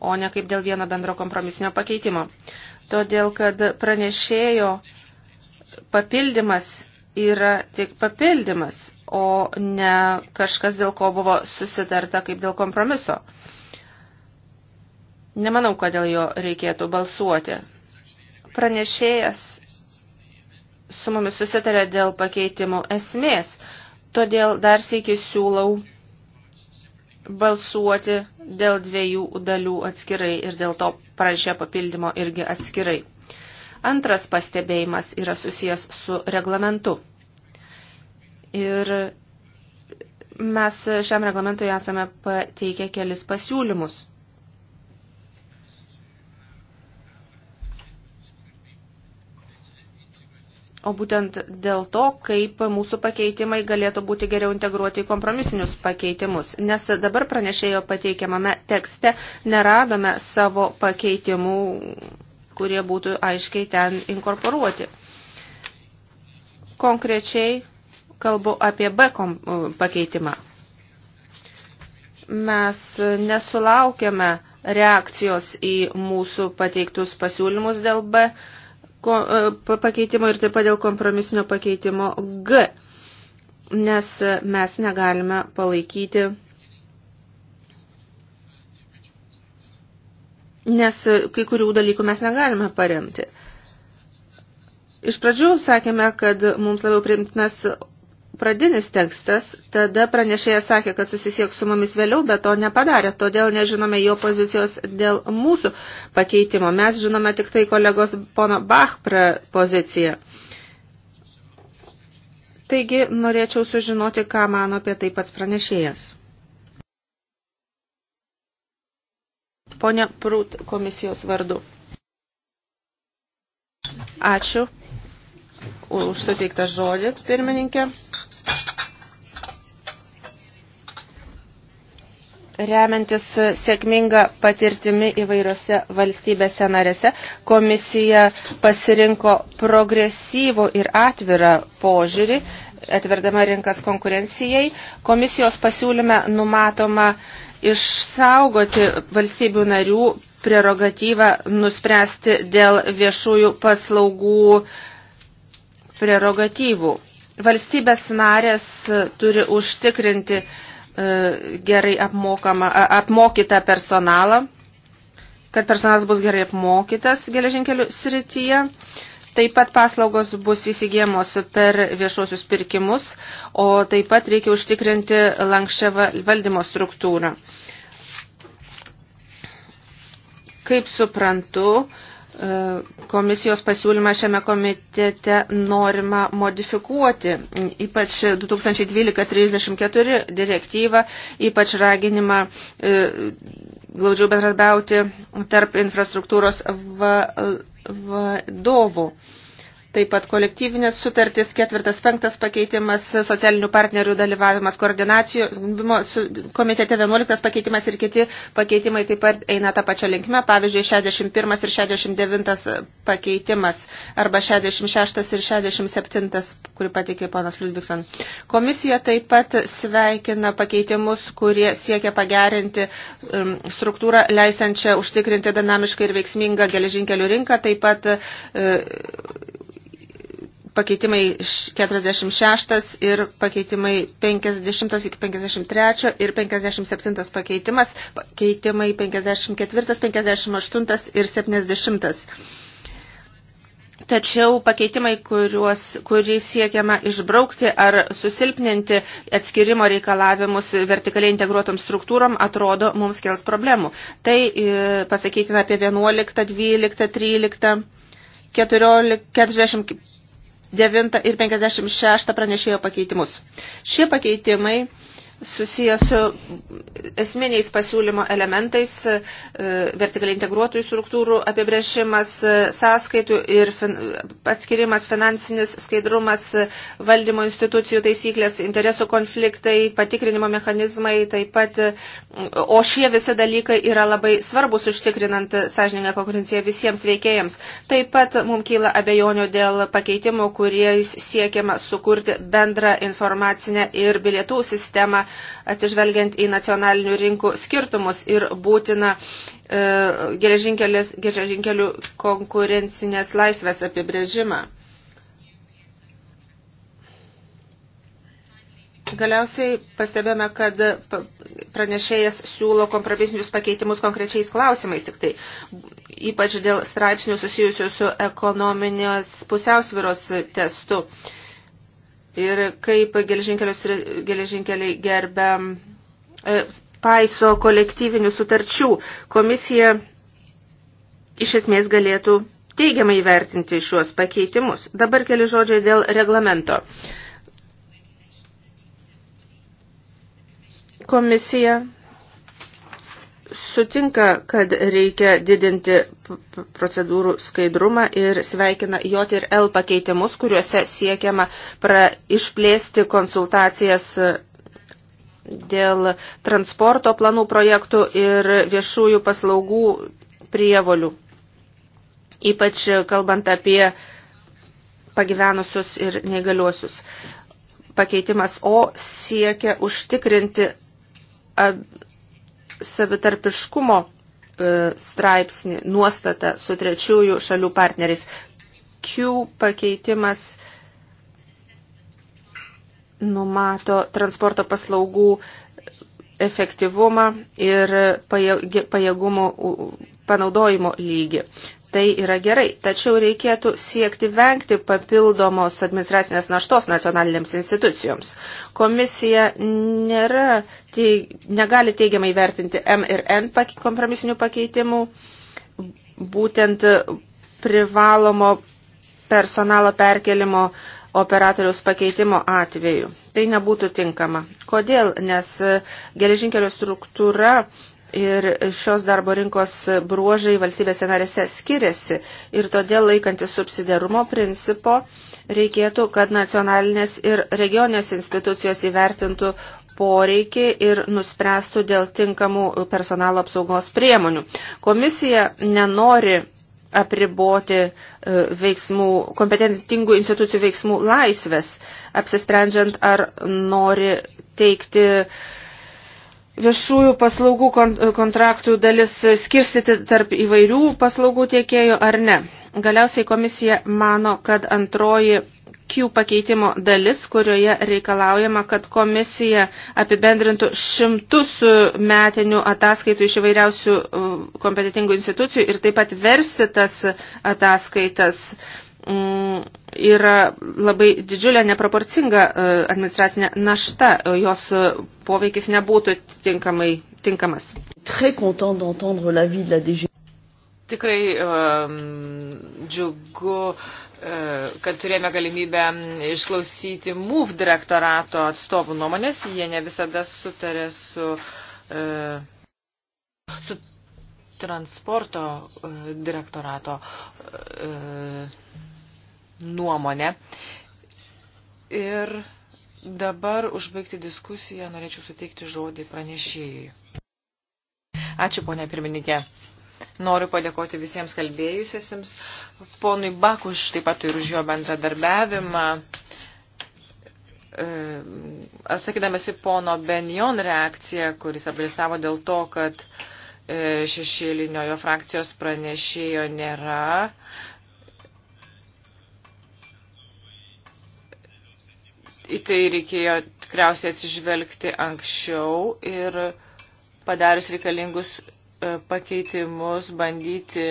o ne kaip dėl vieno bendro kompromisinio pakeitimo todėl kad pranešėjo papildymas yra tik papildymas, o ne kažkas, dėl ko buvo susitarta kaip dėl kompromiso. Nemanau, kad dėl jo reikėtų balsuoti. Pranešėjas su mumis susitarė dėl pakeitimų esmės, todėl dar sėki siūlau balsuoti dėl dviejų dalių atskirai ir dėl to prašė papildymo irgi atskirai. Antras pastebėjimas yra susijęs su reglamentu. Ir mes šiam reglamentui esame pateikę kelis pasiūlymus. o būtent dėl to, kaip mūsų pakeitimai galėtų būti geriau integruoti į kompromisinius pakeitimus, nes dabar pranešėjo pateikiamame tekste neradome savo pakeitimų, kurie būtų aiškiai ten inkorporuoti. Konkrečiai kalbu apie B pakeitimą. Mes nesulaukėme reakcijos į mūsų pateiktus pasiūlymus dėl B pakeitimą E, pakeitimo ir taip pat dėl kompromisinio pakeitimo G, nes mes negalime palaikyti, nes kai kurių dalykų mes negalime paremti. Iš pradžių sakėme, kad mums labiau priimtinas pradinis tekstas, tada pranešėjas sakė, kad susisieks su mumis vėliau, bet to nepadarė, todėl nežinome jo pozicijos dėl mūsų pakeitimo. Mes žinome tik tai kolegos pono Bach poziciją. Taigi norėčiau sužinoti, ką mano apie tai pats pranešėjas. Pone Prūt komisijos vardu. Ačiū už suteiktą žodį, pirmininkė. Remiantis sėkminga patirtimi įvairiose valstybėse narėse, komisija pasirinko progresyvų ir atvirą požiūrį, atverdama rinkas konkurencijai. Komisijos pasiūlyme numatoma išsaugoti valstybių narių prerogatyvą nuspręsti dėl viešųjų paslaugų prerogatyvų. Valstybės narės turi užtikrinti E, gerai apmokama, apmokytą personalą, kad personalas bus gerai apmokytas geležinkelių srityje. Taip pat paslaugos bus įsigėmos per viešuosius pirkimus, o taip pat reikia užtikrinti lankščią valdymo struktūrą. Kaip suprantu, E, komisijos pasiūlymą šiame komitete norima modifikuoti, ypač 2012-34 direktyvą, ypač raginimą e, glaudžiau bendradarbiauti tarp infrastruktūros vadovų. Va Taip pat kolektyvinės sutartys, ketvirtas, penktas pakeitimas, socialinių partnerių dalyvavimas, koordinacijos komitete 11 pakeitimas ir kiti pakeitimai taip pat eina tą pačią linkmę. Pavyzdžiui, 61 ir 69 pakeitimas arba 66 ir 67, kurį pateikė ponas Ludvigson. Komisija taip pat sveikina pakeitimus, kurie siekia pagerinti um, struktūrą, leisančią užtikrinti dinamišką ir veiksmingą geležinkelių rinką, taip pat uh, pakeitimai 46 ir pakeitimai 50 iki 53 ir 57 pakeitimas, pakeitimai 54, 58 ir 70. Tačiau pakeitimai, kuriuos, kurį siekiama išbraukti ar susilpninti atskirimo reikalavimus vertikaliai integruotom struktūrom, atrodo, mums kels problemų. Tai e, pasakytina apie 11, 12, 13, 14, 40, 9 ir 56 pranešėjo pakeitimus. Šie pakeitimai susijęs su esminiais pasiūlymo elementais, e, vertikaliai integruotųjų struktūrų apibrėžimas, e, sąskaitų ir fin, atskirimas finansinis skaidrumas, e, valdymo institucijų taisyklės, interesų konfliktai, patikrinimo mechanizmai, taip pat, o šie visi dalykai yra labai svarbus užtikrinant sąžininką konkurenciją visiems veikėjams. Taip pat mums kyla abejonių dėl pakeitimų, kurie siekiama sukurti bendrą informacinę ir bilietų sistemą atsižvelgiant į nacionalinių rinkų skirtumus ir būtina e, geležinkelių konkurencinės laisvės apibrėžimą. Galiausiai pastebėjome, kad pranešėjas siūlo kompromisinius pakeitimus konkrečiais klausimais, tik tai ypač dėl straipsnių susijusių su ekonominės pusiausviros testu. E, ir kaip geležinkeliai gerbia e, paiso kolektyvinių sutarčių. Komisija iš esmės galėtų teigiamai vertinti šiuos pakeitimus. Dabar keli žodžiai dėl reglamento. Komisija sutinka, kad reikia didinti procedūrų skaidrumą ir sveikina J ir L pakeitimus, kuriuose siekiama pra, išplėsti konsultacijas e, dėl transporto planų projektų ir viešųjų paslaugų prievolių. Ypač kalbant apie pagyvenusius ir negaliuosius. Pakeitimas O siekia užtikrinti savitarpiškumo E, straipsnį nuostatą su trečiųjų šalių partneriais. Q pakeitimas numato transporto paslaugų efektyvumą ir pajėgumų panaudojimo lygį tai yra gerai. Tačiau reikėtų siekti vengti papildomos administracinės naštos nacionalinėms institucijoms. Komisija nėra, teig, negali teigiamai vertinti M ir N kompromisinių pakeitimų, būtent privalomo personalo perkelimo operatoriaus pakeitimo atveju. Tai nebūtų tinkama. Kodėl? Nes geležinkelio struktūra Ir šios darbo rinkos bruožai valstybėse narėse skiriasi ir todėl laikantis subsidiarumo principo reikėtų, kad nacionalinės ir regionės institucijos įvertintų poreikį ir nuspręstų dėl tinkamų personalo apsaugos priemonių. Komisija nenori apriboti e, veiksmų, kompetentingų institucijų veiksmų laisvės, apsisprendžiant ar nori teikti uh, viešųjų paslaugų kontraktų dalis skirstyti tarp įvairių paslaugų tiekėjų ar ne. Galiausiai komisija mano, kad antroji Q pakeitimo dalis, kurioje reikalaujama, kad komisija apibendrintų šimtus metinių ataskaitų iš įvairiausių uh, kompetitingų institucijų ir taip pat versti tas ataskaitas Mm, yra labai didžiulė neproporcinga e, administracinė našta, e, jos e, poveikis nebūtų tinkamai, tinkamas. Tikrai um, džiugu, kad turėjome galimybę išklausyti MUF direktorato atstovų nuomonės, jie ne visada sutarė su, su transporto direktorato nuomonę. Ir dabar užbaigti diskusiją norėčiau suteikti žodį pranešėjui. Ačiū, ponė pirmininkė. Noriu padėkoti visiems kalbėjusiesiems, ponui Bakuš taip pat ir už jo bendradarbiavimą. E, atsakydamas į pono Benjon reakciją, kuris apgalistavo dėl to, kad e, šešėlinio jo frakcijos pranešėjo nėra, į tai reikėjo tikriausiai atsižvelgti anksčiau ir padarius reikalingus e, pakeitimus bandyti.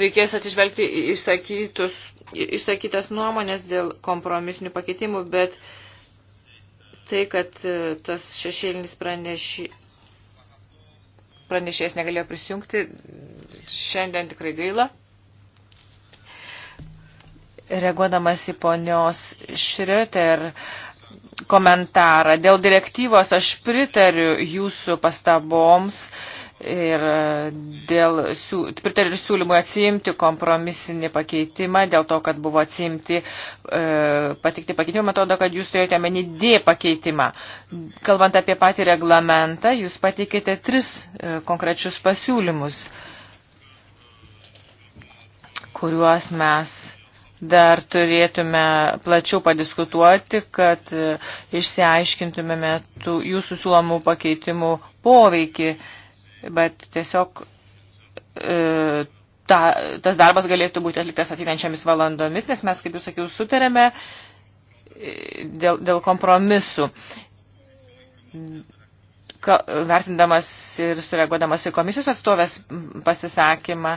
Reikės atsižvelgti išsakytus, išsakytas nuomonės dėl kompromisinių pakeitimų, bet tai, kad e, tas šešėlinis praneši, pranešėjas negalėjo prisijungti, šiandien tikrai gaila reaguodamas į ponios Šrioter komentarą. Dėl direktyvos aš pritariu jūsų pastaboms ir e, dėl, pritariu siūlymui atsiimti kompromisinį pakeitimą, dėl to, kad buvo atsiimti e, patikti pakeitimą, atrodo, kad jūs turėjote meni D pakeitimą. Kalbant apie patį reglamentą, jūs pateikėte tris e, konkrečius pasiūlymus, kuriuos mes dar turėtume plačiau padiskutuoti, kad e, išsiaiškintumėme tų jūsų siūlomų pakeitimų poveikį, bet tiesiog e, ta, tas darbas galėtų būti atliktas ateinančiamis valandomis, nes mes, kaip jūs sakiau, sutarėme e, dėl, dėl kompromisų. Ka, vertindamas ir sureaguodamas į komisijos atstovės pasisakymą,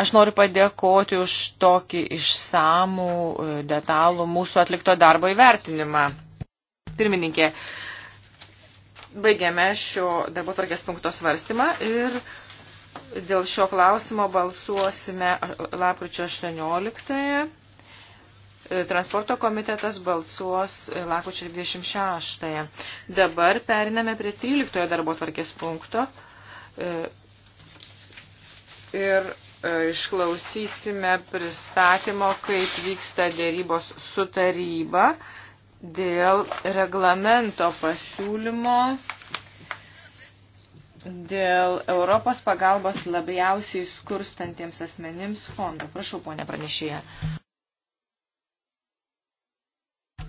Aš noriu padėkoti už tokį išsamų, e, detalų mūsų atlikto darbo įvertinimą. Pirmininkė, baigėme šio darbo tokias punkto svarstymą ir dėl šio klausimo balsuosime lapkričio 18. -ąją. E, transporto komitetas balsuos lakučio 26. -ąją. Dabar periname prie 13 darbo tvarkės punkto e, ir e, išklausysime pristatymo, kaip vyksta dėrybos su taryba dėl reglamento pasiūlymo dėl Europos pagalbos labiausiai skurstantiems asmenims fondo. Prašau, ponė pranešėja.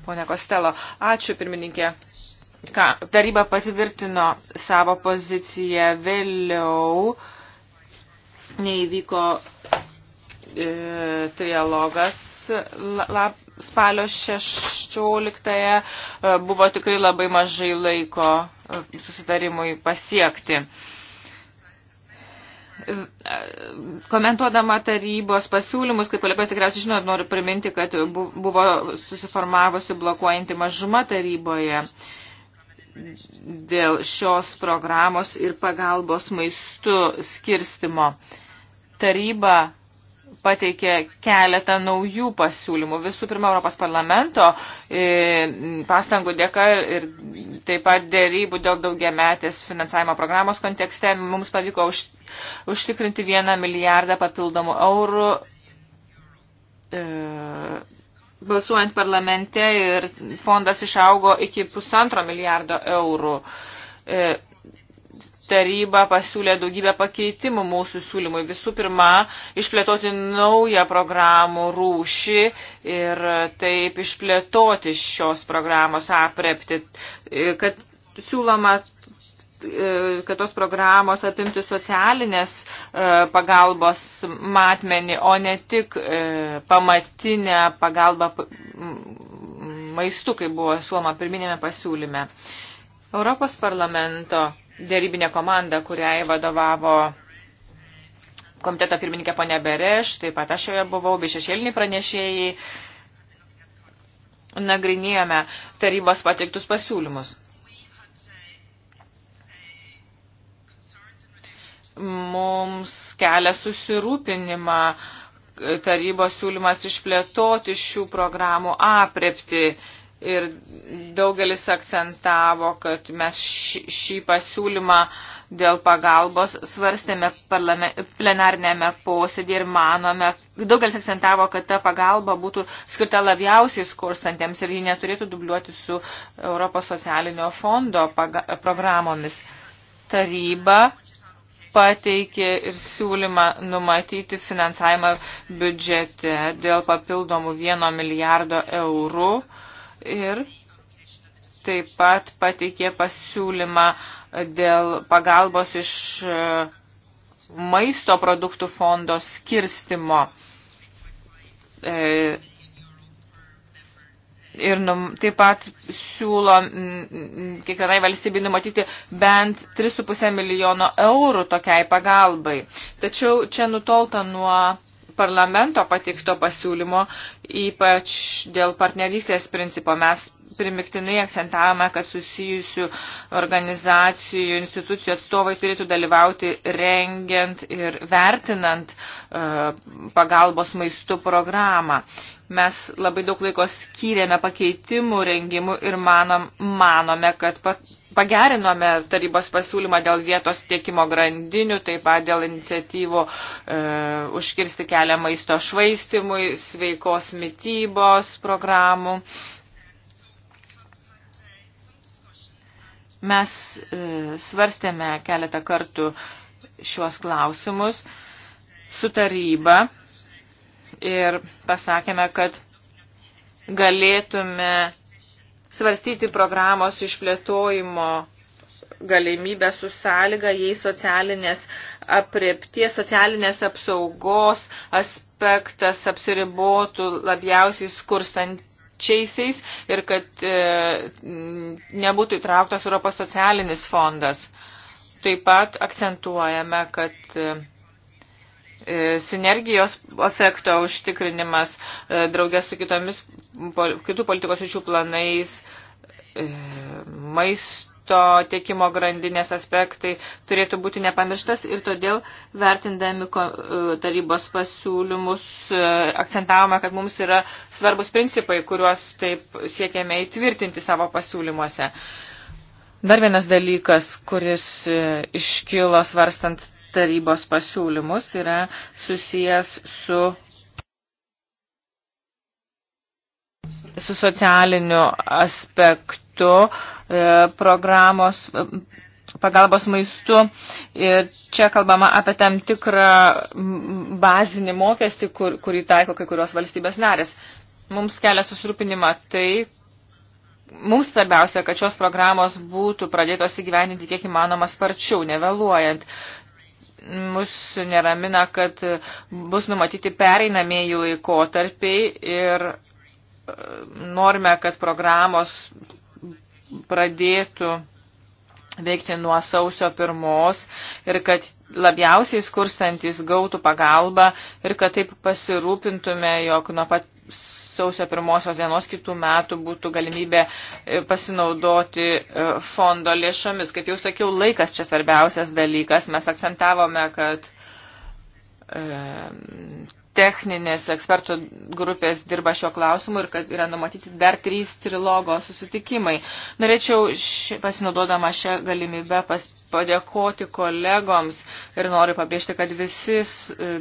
Pone Kostelo, ačiū pirmininkė. Ką, taryba patvirtino savo poziciją vėliau. Uh, neįvyko e, trialogas lab, spalio 16-ąją, e, buvo tikrai labai mažai laiko e, susitarimui pasiekti. E, komentuodama tarybos pasiūlymus, kaip kolegos tikriausiai žinot, noriu priminti, kad buvo susiformavusi blokuojanti mažuma taryboje dėl šios programos ir pagalbos maistu skirstimo taryba pateikė keletą naujų pasiūlymų. Visų pirma, Europos parlamento e, pastangų dėka ir taip pat dėrybų dėl daugiametės finansavimo programos kontekste mums pavyko už, užtikrinti vieną milijardą papildomų eurų e, balsuojant parlamente ir fondas išaugo iki pusantro milijardo eurų. E, taryba pasiūlė daugybę pakeitimų mūsų siūlymui. Visų pirma, išplėtoti naują programų rūšį ir taip išplėtoti šios programos aprepti, kad siūloma kad tos programos apimtų socialinės e, pagalbos matmenį, o ne tik e, pamatinę pagalbą maistu, kaip buvo suoma pirminėme pasiūlyme. Europos parlamento dėrybinė komanda, kuriai vadovavo komiteto pirmininkė ponė Bereš, taip pat aš joje buvau, bei šešėliniai pranešėjai, nagrinėjome tarybos pateiktus pasiūlymus. Mums kelia susirūpinimą tarybos siūlymas išplėtoti šių programų aprepti ir daugelis akcentavo, kad mes šį pasiūlymą dėl pagalbos svarstėme plenarnėme posėdį ir manome, daugelis akcentavo, kad ta pagalba būtų skirta labiausiai skursantiems ir ji neturėtų dubliuoti su Europos socialinio fondo programomis. Taryba pateikė ir siūlymą numatyti finansavimą biudžete dėl papildomų vieno milijardo eurų ir taip pat pateikė pasiūlymą dėl pagalbos iš e, maisto produktų fondo skirstimo. E, ir num, taip pat siūlo kiekvienai valstybei numatyti bent 3,5 milijono eurų tokiai pagalbai. Tačiau čia nutolta nuo parlamento pateikto pasiūlymo, ypač dėl partnerystės principo. Mes primiktinai akcentavome, kad susijusių organizacijų, institucijų atstovai turėtų dalyvauti rengiant ir vertinant e, pagalbos maistų programą. Mes labai daug laiko skyrėme pakeitimų rengimų ir manom, manome, kad pagerinome tarybos pasiūlymą dėl vietos tiekimo grandinių, taip pat dėl iniciatyvų e, užkirsti kelią maisto švaistimui, sveikos mytybos programų. Mes e, svarstėme keletą kartų šiuos klausimus su taryba ir pasakėme, kad galėtume svarstyti programos išplėtojimo galimybę su sąlyga, jei socialinės apriepties, socialinės apsaugos aspektas apsiribotų labiausiai skurstančiaisiais ir kad e, nebūtų įtrauktas Europos socialinis fondas. Taip pat akcentuojame, kad e, E, sinergijos efekto užtikrinimas e, draugės su kitomis, kitų politikos ryšių planais, e, maisto tiekimo grandinės aspektai turėtų būti nepamirštas ir todėl vertindami tarybos pasiūlymus akcentavome, kad mums yra svarbus principai, kuriuos taip siekiame įtvirtinti savo pasiūlymuose. Dar vienas dalykas, kuris iškilo svarstant tarybos pasiūlymus yra susijęs su, su socialiniu aspektu e, programos e, pagalbos maistu. Ir čia kalbama apie tam tikrą bazinį mokestį, kur, kurį taiko kai kurios valstybės narės. Mums kelia susirūpinimą tai, mums svarbiausia, kad šios programos būtų pradėtos įgyveninti kiek įmanoma sparčiau, nevėluojant mus neramina, kad bus numatyti pereinamieji laikotarpiai ir e, norime, kad programos pradėtų veikti nuo sausio pirmos ir kad labiausiai skurstantis gautų pagalbą ir kad taip pasirūpintume, jog nuo pat sausio pirmosios dienos kitų metų būtų galimybė e, pasinaudoti e, fondo lėšomis. Kaip jau sakiau, laikas čia svarbiausias dalykas. Mes akcentavome, kad e, techninės ekspertų grupės dirba šio klausimu ir kad yra numatyti dar trys trilogo susitikimai. Norėčiau ši, pasinaudodama šią galimybę pas, padėkoti kolegoms ir noriu pabrėžti, kad visi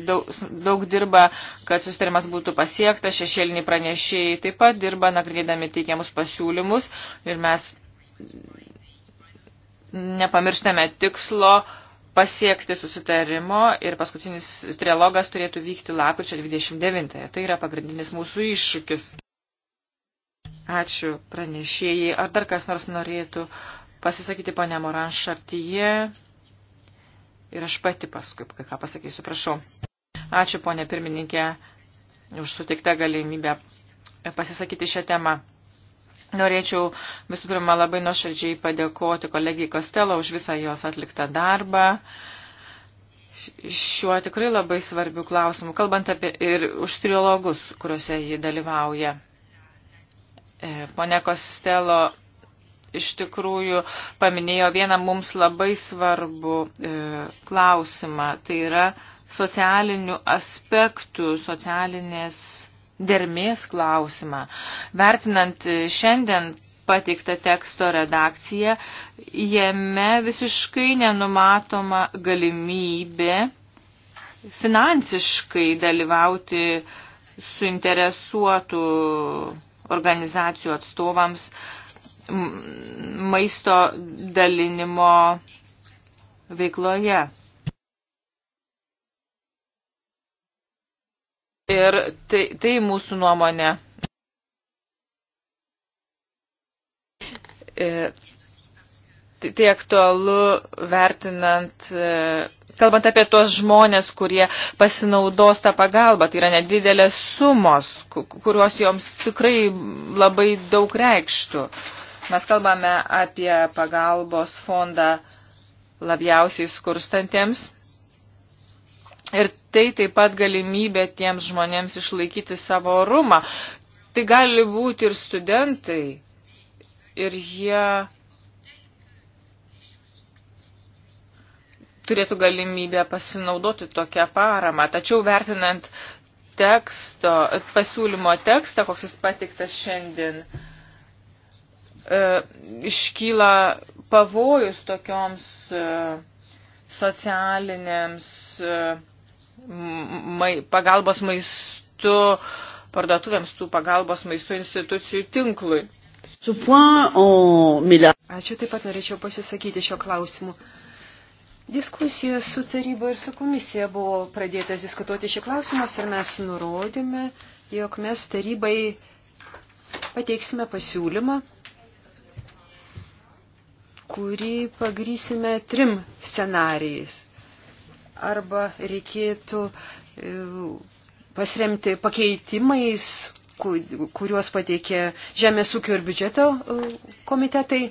daug, daug dirba, kad sustarimas būtų pasiektas, šešėliniai pranešėjai taip pat dirba, nagrinėdami teikiamus pasiūlymus ir mes nepamirštame tikslo pasiekti susitarimo ir paskutinis trilogas turėtų vykti lapkričio 29. Tai yra pagrindinis mūsų iššūkis. Ačiū pranešėjai. Ar dar kas nors norėtų pasisakyti ponia Moran Šartyje? Ir aš pati paskui kai ką pasakysiu, prašau. Ačiū ponia pirmininkė už suteiktą galimybę pasisakyti šią temą. Norėčiau visų pirma labai nuoširdžiai padėkoti kolegijai Kostelo už visą jos atliktą darbą. Šiuo tikrai labai svarbių klausimų, kalbant apie ir už trilogus, kuriuose jį dalyvauja. E, pone Kostelo iš tikrųjų paminėjo vieną mums labai svarbų e, klausimą, tai yra socialinių aspektų, socialinės dermės klausimą. Vertinant šiandien pateiktą teksto redakciją, jame visiškai nenumatoma galimybė finansiškai dalyvauti suinteresuotų organizacijų atstovams maisto dalinimo veikloje. Ir tai, tai mūsų nuomonė. E, tai, tai aktualu vertinant, e, kalbant apie tuos žmonės, kurie pasinaudos tą pagalbą, tai yra nedidelės sumos, kurios joms tikrai labai daug reikštų. Mes kalbame apie pagalbos fondą labiausiai skurstantiems Ir tai taip pat galimybė tiems žmonėms išlaikyti savo orumą. Tai gali būti ir studentai. Ir jie turėtų galimybę pasinaudoti tokią paramą. Tačiau vertinant teksto, pasiūlymo tekstą, koks jis patiktas šiandien, e, iškyla pavojus tokioms e, socialinėms e, mai, pagalbos maistu parduotuvėms tų pagalbos maisto institucijų tinklui. Ačiū taip pat norėčiau pasisakyti šio klausimu. Diskusijos su taryba ir su komisija buvo pradėtas diskutuoti šį klausimas ir mes nurodėme, jog mes tarybai pateiksime pasiūlymą, kurį pagrysime trim scenarijais arba reikėtų e, pasiremti pakeitimais, kuriuos pateikė Žemės ūkio ir biudžeto e, komitetai.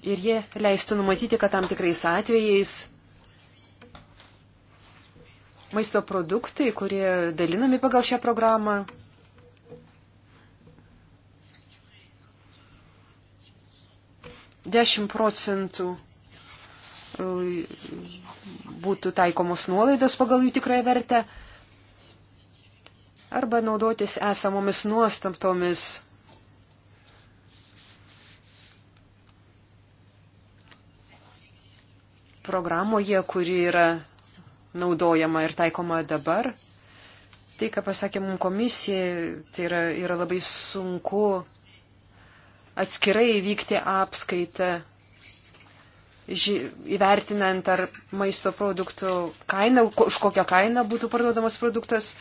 Ir jie leistų numatyti, kad tam tikrais atvejais maisto produktai, kurie dalinami pagal šią programą, dešimt procentų būtų taikomos nuolaidos pagal jų tikrąją vertę arba naudotis esamomis nuostamtomis. Programoje, kuri yra naudojama ir taikoma dabar, tai, ką pasakė mums komisija, tai yra, yra labai sunku atskirai vykti apskaitą ži, įvertinant ar maisto produktų kainą, už kokią kainą būtų parduodamas produktas.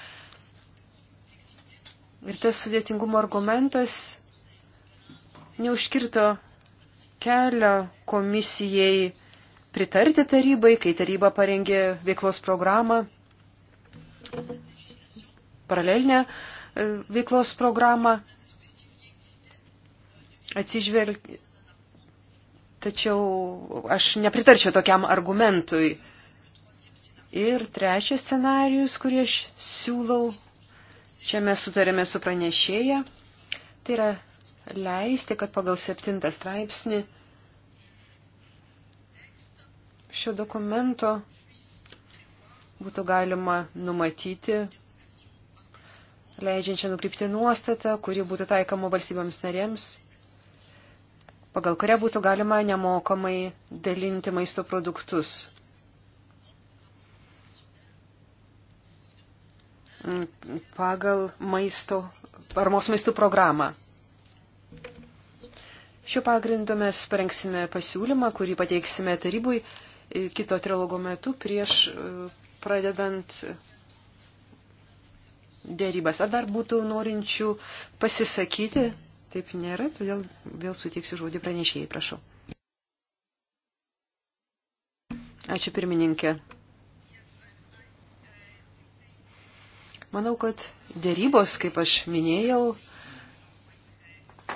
Ir tas sudėtingumo argumentas neužkirto kelio komisijai pritarti tarybai, kai taryba parengė veiklos programą, paralelinę e, veiklos programą, atsižvelgiant Tačiau aš nepritarčiau tokiam argumentui. Ir trečias scenarius, kurį aš siūlau, čia mes sutarėme su pranešėja, tai yra leisti, kad pagal septintą straipsnį šio dokumento būtų galima numatyti leidžiančią nukrypti nuostatą, kuri būtų taikoma valstybėms narėms pagal kurią būtų galima nemokamai dalinti maisto produktus. pagal maisto, paramos maistų programą. Šiuo pagrindu mes parengsime pasiūlymą, kurį pateiksime tarybui e, kito trilogo metu prieš e, pradedant dėrybas. Ar dar būtų norinčių pasisakyti? Taip nėra, todėl vėl sutiksiu žodį pranešėjai, prašau. Ačiū pirmininkė. Manau, kad dėrybos, kaip aš minėjau,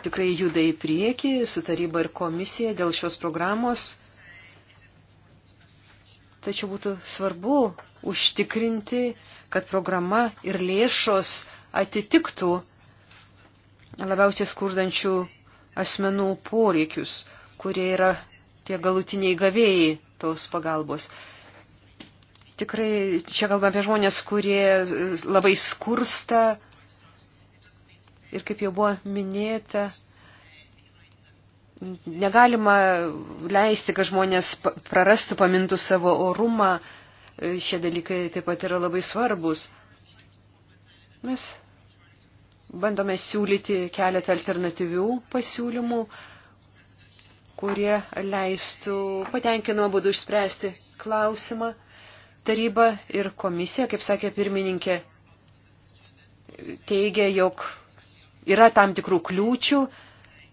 tikrai juda į priekį su taryba ir komisija dėl šios programos. Tačiau būtų svarbu užtikrinti, kad programa ir lėšos atitiktų labiausiai skurdančių asmenų poreikius, kurie yra tie galutiniai gavėjai tos pagalbos. Tikrai čia kalbame apie žmonės, kurie labai skursta ir kaip jau buvo minėta, negalima leisti, kad žmonės prarastų, pamintų savo orumą. Šie dalykai taip pat yra labai svarbus. Mes bandome siūlyti keletą alternatyvių pasiūlymų, kurie leistų patenkinamą būdų išspręsti klausimą. Taryba ir komisija, kaip sakė pirmininkė, teigia, jog yra tam tikrų kliūčių,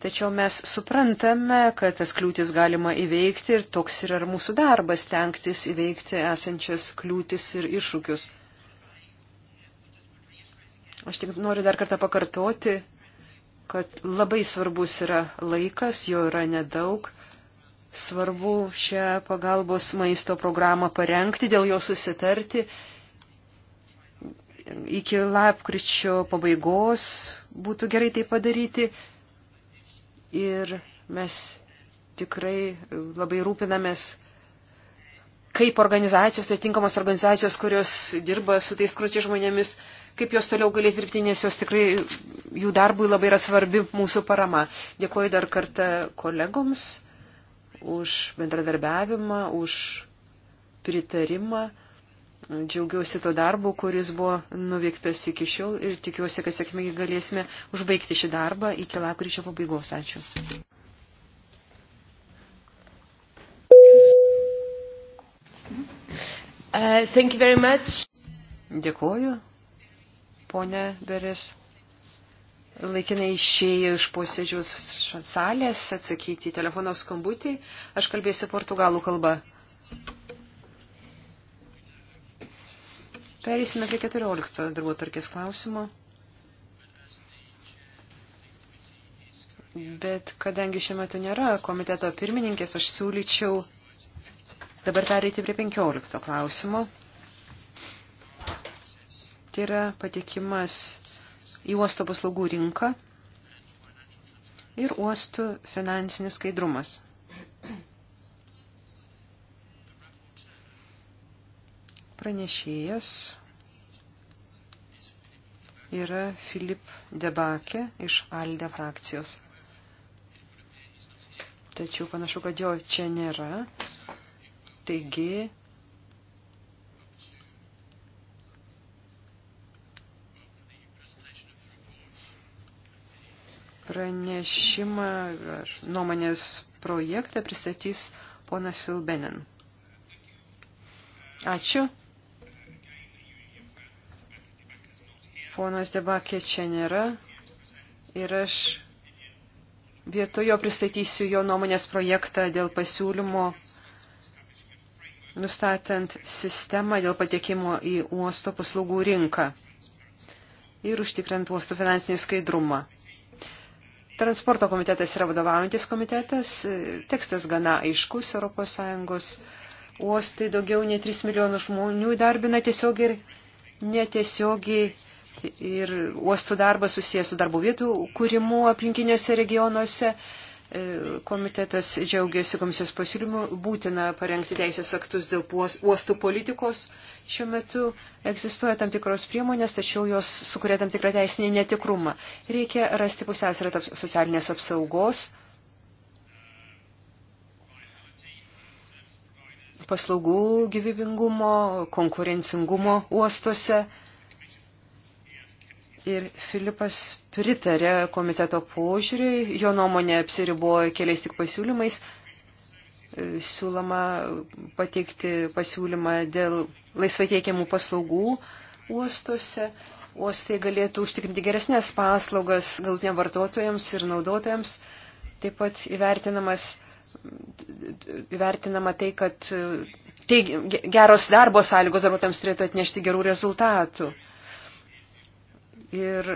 tačiau mes suprantame, kad tas kliūtis galima įveikti ir toks yra ir mūsų darbas tenktis įveikti esančias kliūtis ir iššūkius. Aš tik noriu dar kartą pakartoti, kad labai svarbus yra laikas, jo yra nedaug. Svarbu šią pagalbos maisto programą parengti, dėl jo susitarti. Iki lapkričio pabaigos būtų gerai tai padaryti. Ir mes tikrai labai rūpinamės, kaip organizacijos, tai tinkamos organizacijos, kurios dirba su tais kručiais žmonėmis, uh, kaip jos toliau galės dirbti, nes jos tikrai jų darbui labai yra svarbi mūsų parama. Dėkuoju dar kartą kolegoms už bendradarbiavimą, už pritarimą. Džiaugiuosi to darbu, kuris buvo nuveiktas iki šiol ir tikiuosi, kad sėkmingai galėsime užbaigti šį darbą iki lakryčio pabaigos. Ačiū. Uh, thank you very much. Dėkuoju. Pone Beres laikinai išėjo iš posėdžios salės atsakyti į telefono skambutį. Aš kalbėsiu portugalų kalbą. Perėsime prie 14 darbo tarkės klausimo. Bet kadangi šiuo metu nėra komiteto pirmininkės, aš siūlyčiau dabar pereiti prie 15 klausimo. Tai yra patekimas į uosto paslaugų rinką ir uostų finansinis skaidrumas. Pranešėjas yra Filip Debakė iš Alde frakcijos. Tačiau panašu, kad jo čia nėra. Taigi pranešimą ar nuomonės projektą pristatys ponas Filbenin. Ačiū. Ponas Debakė čia nėra ir aš vietojo pristatysiu jo nuomonės projektą dėl pasiūlymo nustatant sistemą dėl patekimo į uosto paslaugų rinką ir užtikrint uosto finansinį skaidrumą. Transporto komitetas yra vadovaujantis komitetas, tekstas gana aiškus, ES uostai daugiau nei 3 milijonų žmonių darbina tiesiogiai ir netiesiogiai ir uostų darbas susijęs su darbo vietų kūrimu aplinkiniuose regionuose. E, komitetas džiaugiasi komisijos pasiūlymu būtina parengti teisės aktus dėl uostų politikos. Šiuo metu egzistuoja tam tikros priemonės, tačiau jos sukuria tam tikrą teisinį netikrumą. Reikia rasti pusiausvyrą tarp socialinės apsaugos, paslaugų gyvybingumo, konkurencingumo uostuose Ir Filipas pritarė komiteto požiūriui, jo nuomonė apsiribojo keliais tik pasiūlymais. E, siūloma pateikti pasiūlymą dėl laisvai teikiamų paslaugų uostuose. Uostai galėtų užtikrinti geresnės paslaugas galutiniam vartotojams ir naudotojams. Taip pat įvertinamas, įvertinama tai, kad tai geros darbo sąlygos darbuotojams turėtų atnešti gerų rezultatų. Ir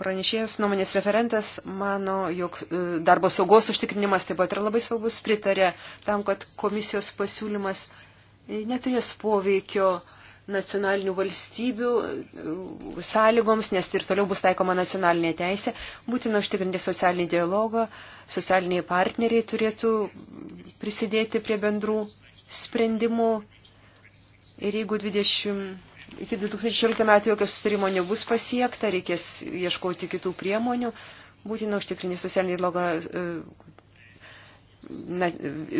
pranešėjas nuomonės referentas mano, jog e, darbo saugos užtikrinimas taip pat yra labai svarbus, pritarė tam, kad komisijos pasiūlymas e, neturės poveikio nacionalinių valstybių e, sąlygoms, nes ir toliau bus taikoma nacionalinė teisė, būtina užtikrinti socialinį dialogą, socialiniai partneriai turėtų prisidėti prie bendrų sprendimų. Ir jeigu 20 Iki 2016 metų jokio sustarimo nebus pasiekta, reikės ieškoti kitų priemonių, būtina užtikrinti socialinį logą e, na,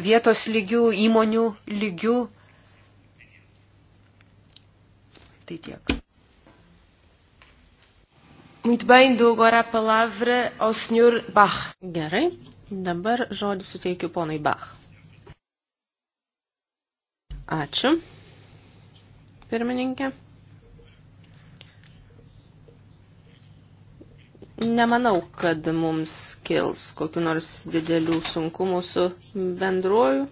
vietos lygių, įmonių lygių. Tai tiek. Muito bem, dou agora a palavra ao Sr. Bach. Gerai, dabar žodį suteikiu ponui Bach. Ačiū pirmininkė. Nemanau, kad mums kils kokiu nors didelių sunkumų su bendruoju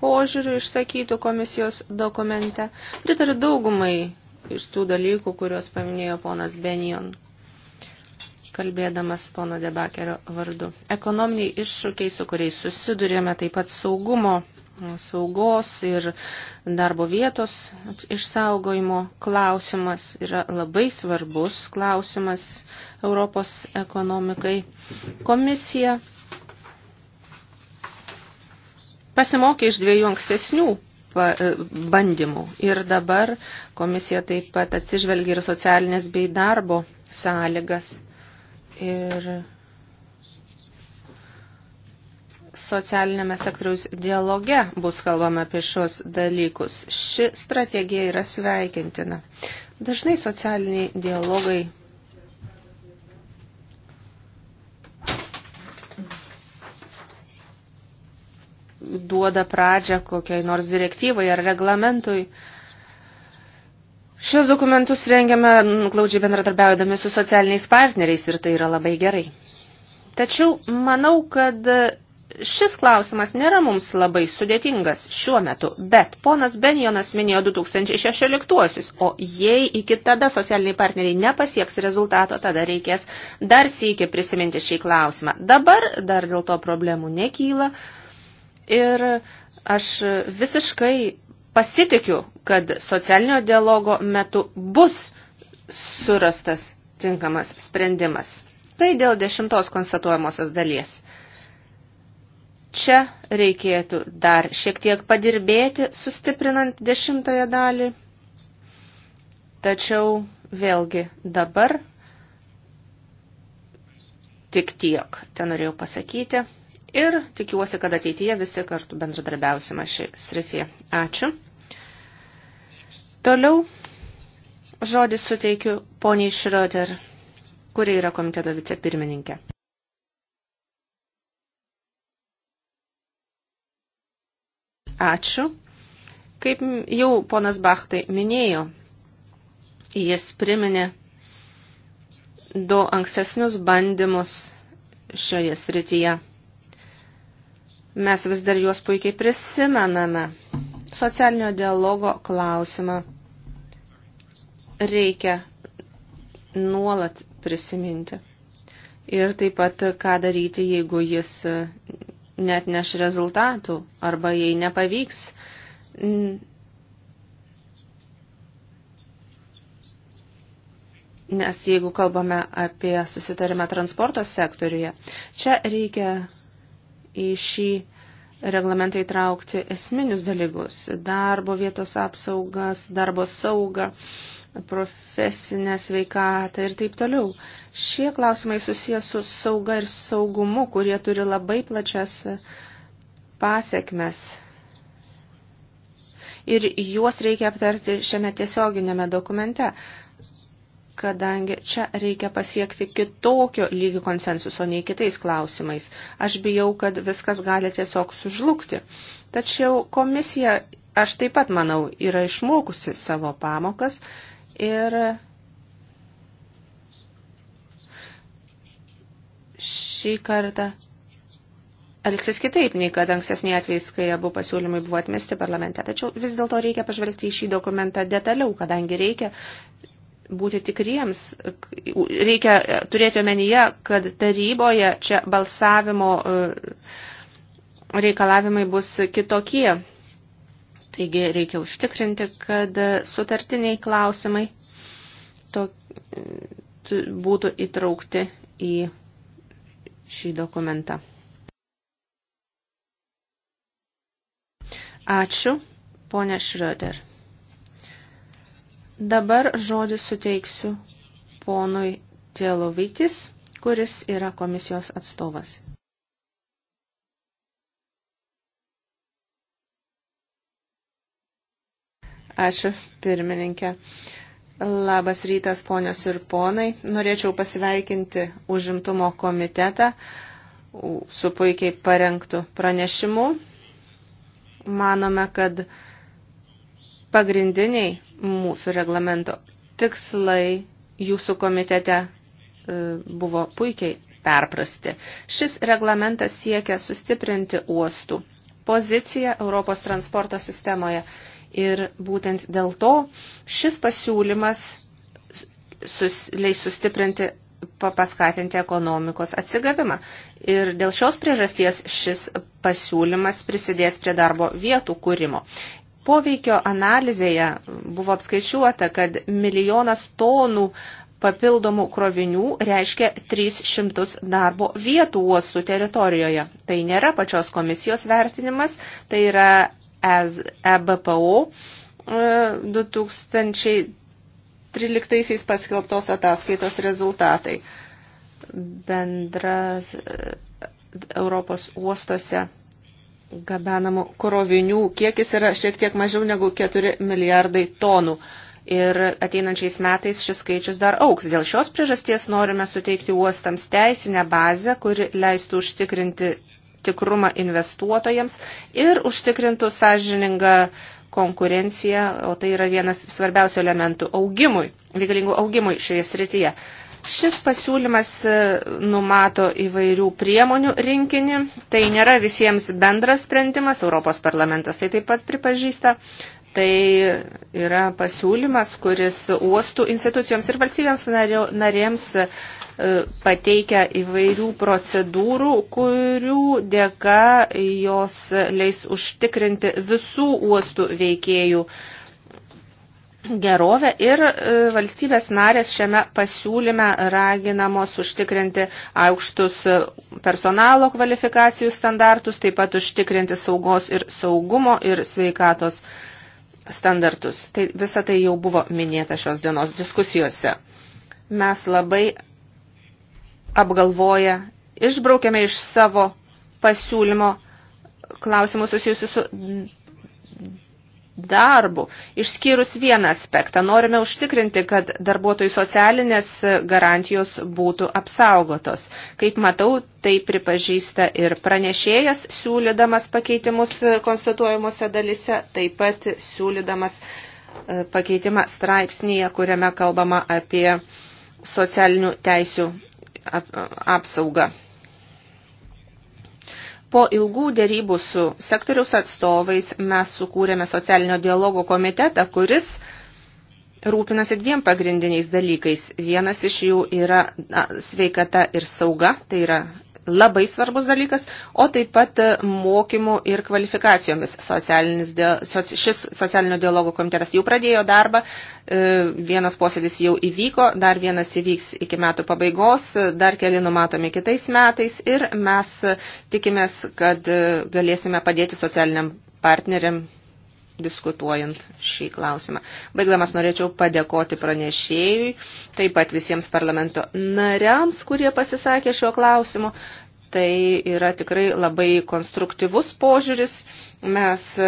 požiūriu išsakytų komisijos dokumente. Pritariu daugumai iš tų dalykų, kuriuos paminėjo ponas Benion, kalbėdamas pono Debakerio vardu. Ekonominiai iššūkiai, su kuriais susidurėme, taip pat saugumo saugos ir darbo vietos išsaugojimo klausimas yra labai svarbus klausimas Europos ekonomikai. Komisija pasimokė iš dviejų ankstesnių e, bandymų ir dabar komisija taip pat atsižvelgia ir socialinės bei darbo sąlygas ir socialinėme sektoriaus dialoge bus kalbama apie šios dalykus. Ši strategija yra sveikintina. Dažnai socialiniai dialogai duoda pradžią kokiai nors direktyvai ar reglamentui. Šios dokumentus rengiame glaudžiai bendradarbiaudami su socialiniais partneriais ir tai yra labai gerai. Tačiau manau, kad Šis klausimas nėra mums labai sudėtingas šiuo metu, bet ponas Benjonas minėjo 2016-uosius, o jei iki tada socialiniai partneriai nepasieks rezultato, tada reikės dar sykį prisiminti šį klausimą. Dabar dar dėl to problemų nekyla ir aš visiškai pasitikiu, kad socialinio dialogo metu bus surastas tinkamas sprendimas. Tai dėl dešimtos konstatuojamosios dalies. Čia reikėtų dar šiek tiek padirbėti, sustiprinant dešimtąją dalį. Tačiau vėlgi dabar tik tiek, ten norėjau pasakyti. Ir tikiuosi, kad ateityje visi kartu bendradarbiausime šį srityje. Ačiū. Toliau žodį suteikiu poniai Šrioder, kuri yra komiteto vicepirmininkė. Ačiū. Kaip jau ponas Bachtai minėjo, jis priminė du ankstesnius bandymus šioje srityje. Mes vis dar juos puikiai prisimename. Socialinio dialogo klausimą reikia nuolat prisiminti. Ir taip pat, ką daryti, jeigu jis net neš rezultatų arba jei nepavyks. Nes jeigu kalbame apie susitarimą transporto sektoriuje, čia reikia į šį reglamentą įtraukti esminius dalykus - darbo vietos apsaugas, darbo saugą. saugą profesinę sveikatą ir taip toliau. Šie klausimai susijęs su sauga ir saugumu, kurie turi labai plačias pasiekmes. Ir juos reikia aptarti šiame tiesioginėme dokumente, kadangi čia reikia pasiekti kitokio lygio konsensuso nei kitais klausimais. Aš bijau, kad viskas gali tiesiog sužlugti. Tačiau komisija, aš taip pat manau, yra išmokusi savo pamokas Ir šį kartą elgsis kitaip nei kad ankstesnė atvejais, kai abu pasiūlymai buvo atmesti parlamente. Tačiau vis dėlto reikia pažvelgti į šį dokumentą detaliau, kadangi reikia būti tikriems, reikia turėti omenyje, kad taryboje čia balsavimo e, reikalavimai bus kitokie. Taigi reikia užtikrinti, kad sutartiniai klausimai to, būtų įtraukti į šį dokumentą. Ačiū, ponė Šrioder. Dabar žodį suteiksiu ponui Tėlovykis, kuris yra komisijos atstovas. Ačiū, pirmininkė. Labas rytas, ponios ir ponai. Norėčiau pasveikinti užimtumo komitetą su puikiai parengtų pranešimu. Manome, kad pagrindiniai mūsų reglamento tikslai jūsų komitete e, buvo puikiai perprasti. Šis reglamentas siekia sustiprinti uostų poziciją Europos transporto sistemoje Ir būtent dėl to šis pasiūlymas sus, leis sustiprinti, paskatinti ekonomikos atsigavimą. Ir dėl šios priežasties šis pasiūlymas prisidės prie darbo vietų kūrimo. Poveikio analizėje buvo apskaičiuota, kad milijonas tonų papildomų krovinių reiškia 300 darbo vietų uostų teritorijoje. Tai nėra pačios komisijos vertinimas, tai yra EBPO e 2013 e, paskelbtos ataskaitos rezultatai. Bendras e, Europos uostose gabenamų krovinių kiekis yra šiek tiek mažiau negu 4 milijardai tonų. Ir ateinančiais metais šis skaičius dar auks. Dėl šios priežasties norime suteikti uostams teisinę bazę, kuri leistų užtikrinti tikrumą investuotojams ir užtikrintų sąžiningą konkurenciją, o tai yra vienas svarbiausių elementų augimui, reikalingų augimui šioje srityje. Šis pasiūlymas e, numato įvairių priemonių rinkinį, tai nėra visiems bendras sprendimas, Europos parlamentas tai taip pat pripažįsta, tai yra pasiūlymas, kuris uostų institucijoms ir valstybėms narėms pateikia įvairių procedūrų, kurių dėka jos leis užtikrinti visų uostų veikėjų gerovę ir e, valstybės narės šiame pasiūlyme raginamos užtikrinti aukštus personalo kvalifikacijų standartus, taip pat užtikrinti saugos ir saugumo ir sveikatos standartus. Tai visa tai jau buvo minėta šios dienos diskusijose. Mes labai apgalvoję, išbraukėme iš savo pasiūlymo klausimų susijusių su darbu. Išskyrus vieną aspektą, norime užtikrinti, kad darbuotojų socialinės garantijos būtų apsaugotos. Kaip matau, tai pripažįsta ir pranešėjas, siūlydamas pakeitimus konstatuojimuose dalise, taip pat siūlydamas e, pakeitimą straipsnėje, kuriame kalbama apie socialinių teisių apsaugą. Po ilgų dėrybų su sektoriaus atstovais mes sukūrėme socialinio dialogo komitetą, kuris rūpinasi dviem pagrindiniais dalykais. Vienas iš jų yra na, sveikata ir sauga, tai yra labai svarbus dalykas, o taip pat e, mokymų ir kvalifikacijomis. Socialinis, šis socialinio dialogo komitetas jau pradėjo darbą, e, vienas posėdis jau įvyko, dar vienas įvyks iki metų pabaigos, e, dar keli numatomi kitais metais ir mes tikimės, kad galėsime padėti socialiniam partneriam diskutuojant šį klausimą. Baigdamas norėčiau padėkoti pranešėjui, taip pat visiems parlamento nariams, kurie pasisakė šiuo klausimu. Tai yra tikrai labai konstruktyvus požiūris. Mes e,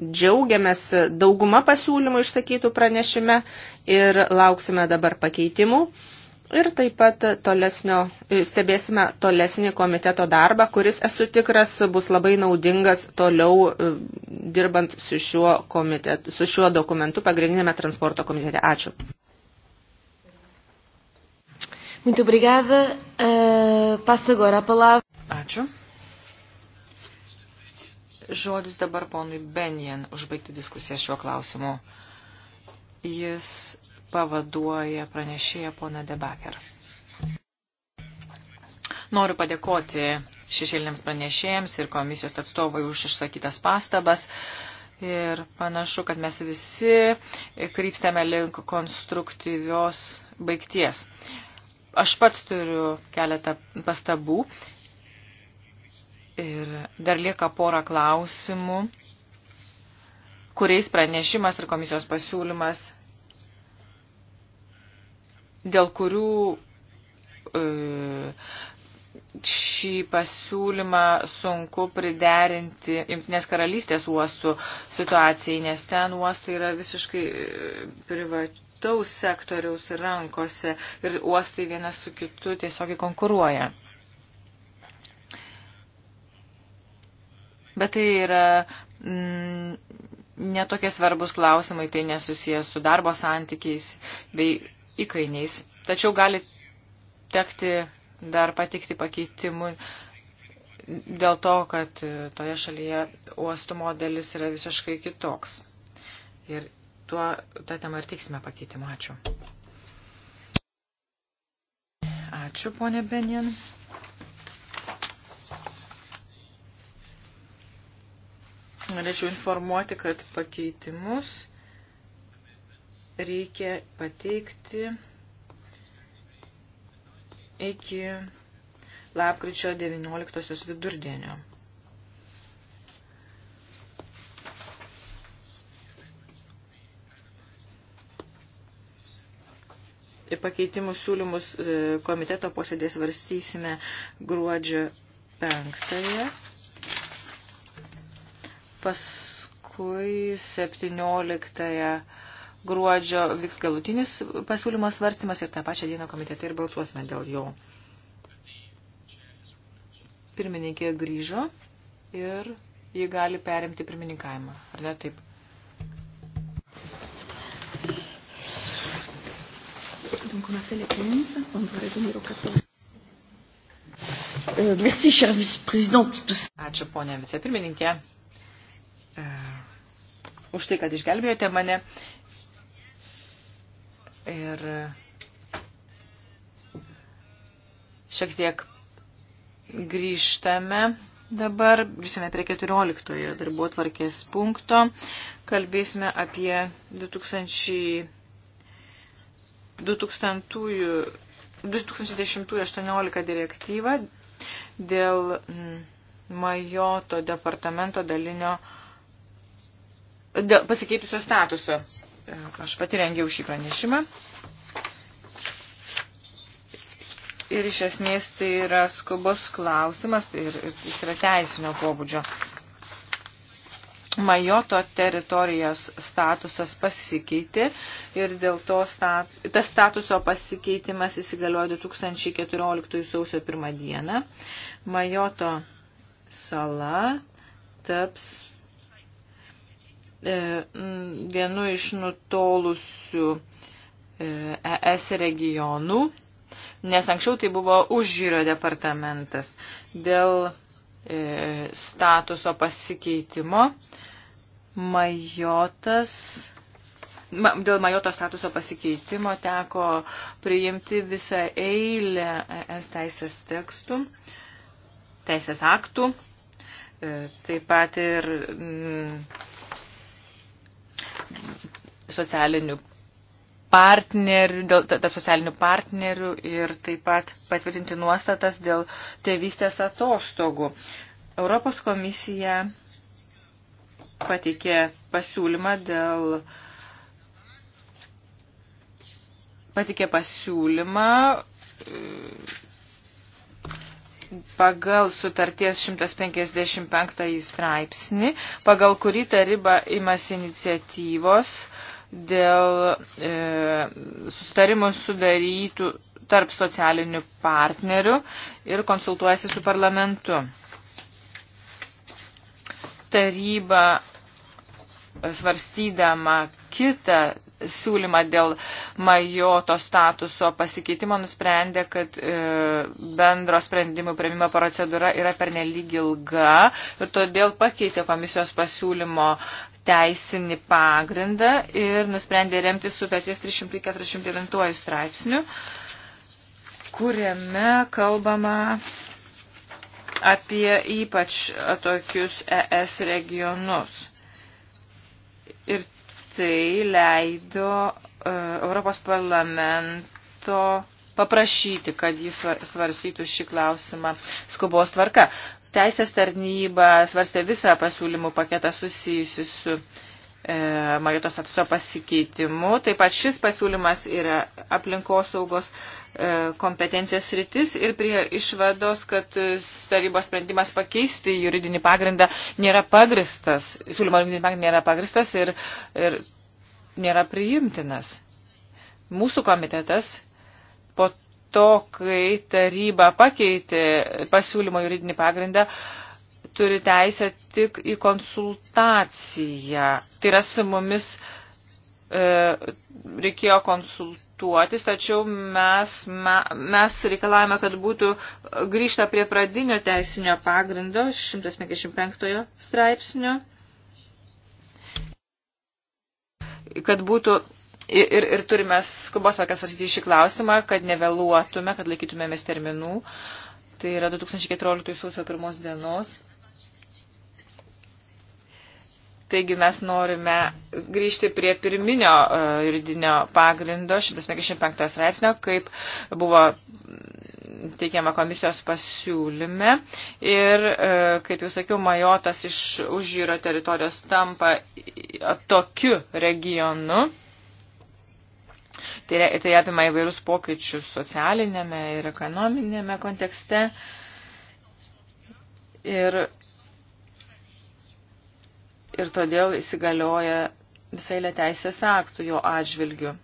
džiaugiamės dauguma pasiūlymų išsakytų pranešime ir lauksime dabar pakeitimų. Ir taip pat tolesnio, stebėsime tolesnį komiteto darbą, kuris, esu tikras, bus labai naudingas toliau e, dirbant su šiuo, komitet, su šiuo dokumentu pagrindinėme transporto komitete. Ačiū. Muito obrigada. Uh, passo agora a palavra. Ačiū. Žodis dabar ponui Benjen užbaigti diskusiją šiuo klausimu. Jis pavaduoja pranešėja pona Debaker. Noriu padėkoti šešėliniams pranešėjams ir komisijos atstovai už išsakytas pastabas. Ir panašu, kad mes visi krypstame link konstruktyvios baigties. Aš pats turiu keletą pastabų ir dar lieka pora klausimų, kuriais pranešimas ir komisijos pasiūlymas dėl kurių e, šį pasiūlymą sunku priderinti Junktinės karalystės uostų situacijai, nes ten uostai yra visiškai e, privataus sektoriaus rankose ir uostai vienas su kitu tiesiog konkuruoja. Bet tai yra mm, netokie svarbus klausimai, tai nesusijęs su darbo santykiais bei įkainiais. Tačiau gali tekti dar patikti pakeitimų dėl to, kad toje šalyje uostų modelis yra visiškai kitoks. Ir tuo tą temą ir tiksime pakeitimu. Ačiū. Ačiū, ponė Benien. Norėčiau informuoti, kad pakeitimus reikia pateikti iki lapkričio 19 vidurdienio. Pakeitimų siūlymus e, komiteto posėdės varstysime gruodžio 5. Paskui 17 gruodžio vyks galutinis pasiūlymo svarstymas ir tą pačią dieną komitete ir balsuosime dėl jo. Pirmininkė grįžo ir ji gali perimti pirmininkavimą. Ar ne taip? Donc on a fait les 15, on devrait venir au 14. Euh, merci, chère vice-présidente. Ačiū, ponia vicepirmininkė, uh, už tai, kad išgelbėjote mane. Uh, ir šiek tiek grįžtame dabar, grįžtame prie 14 darbo tvarkės punkto, kalbėsime apie 2000, 2000 2010-18 direktyvą dėl mm, Majoto departamento dalinio dėl pasikeitusio statuso. Aš pati rengiau šį pranešimą. Ir iš esmės tai yra skubos klausimas tai ir, ir jis yra teisinio pobūdžio. Majoto teritorijos statusas pasikeitė ir dėl to stat, tas statuso pasikeitimas įsigaliojo 2014 sausio 1 dieną. Majoto sala taps E, vienu iš nutolusių ES e regionų, nes anksčiau tai buvo užžyro departamentas. Dėl e, statuso pasikeitimo Majotas dėl Majoto statuso pasikeitimo teko priimti visą eilę ES teisės tekstų, teisės aktų, taip pat ir socialinių partnerių, dėl tarp socialinių partnerių ir taip pat patvirtinti nuostatas dėl tėvystės atostogų. Europos komisija pateikė pasiūlymą dėl patikė pasiūlymą e, pagal sutarties 155 straipsnį, pagal kurį taryba imasi iniciatyvos dėl e, sustarimų sudarytų tarp socialinių partnerių ir konsultuojasi su parlamentu. Taryba svarstydama kitą siūlymą dėl majoto statuso pasikeitimo nusprendė, kad e, bendro sprendimų prieimimo procedūra yra pernelyg ilga ir todėl pakeitė komisijos pasiūlymo teisinį pagrindą ir nusprendė remti sutarties 349 straipsnių, kuriame kalbama apie ypač tokius ES regionus. Ir tai leido e, Europos parlamento paprašyti, kad jis svarstytų šį klausimą skubos tvarka. Teisės tarnyba svarstė visą pasiūlymų paketą susijusi su E, Majotos atso pasikeitimu. Taip pat šis pasiūlymas yra aplinkosaugos e, kompetencijos rytis ir prie išvados, kad tarybos sprendimas pakeisti juridinį pagrindą nėra pagristas, siūlymo juridinį pagrindą nėra pagristas ir, ir nėra priimtinas. Mūsų komitetas po to, kai taryba pakeitė pasiūlymo juridinį pagrindą, uh, turi teisę tik į konsultaciją. Tai yra su mumis e, reikėjo konsultuotis, tačiau mes, me, mes reikalavome, kad būtų grįžta prie pradinio teisinio pagrindo 155 straipsnio, kad būtų ir, ir, ir turime skubos varkas svarstyti šį klausimą, kad nevėluotume, kad laikytumėmės terminų. Tai yra 2014 sausio pirmos dienos. Taigi mes norime grįžti prie pirminio e, juridinio pagrindo 155 straipsnio, kaip buvo teikiama komisijos pasiūlyme. Ir, e, kaip jau sakiau, Majotas iš užjūro teritorijos tampa tokiu regionu. Tai, tai apima įvairius pokyčius socialinėme ir ekonominėme kontekste. Ir ir todėl įsigalioja visai teisės aktų jo atžvilgiu.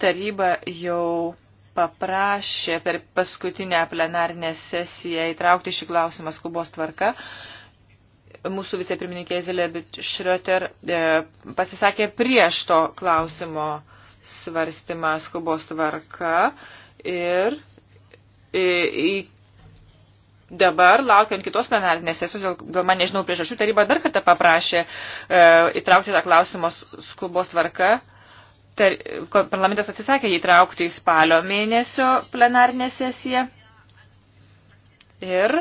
Taryba jau paprašė per paskutinę plenarinę sesiją įtraukti šį klausimą skubos tvarka. Mūsų vicepirmininkė Zelebit Šrioter e, pasisakė prieš to klausimo skubos tvarka ir e, į dabar, laukiant kitos plenarinės sesijos, dėl man nežinau priežasčių, taryba dar kartą paprašė e, įtraukti tą klausimą skubos tvarka. Tar, parlamentas atsisakė jį įtraukti į spalio mėnesio plenarinę sesiją. Ir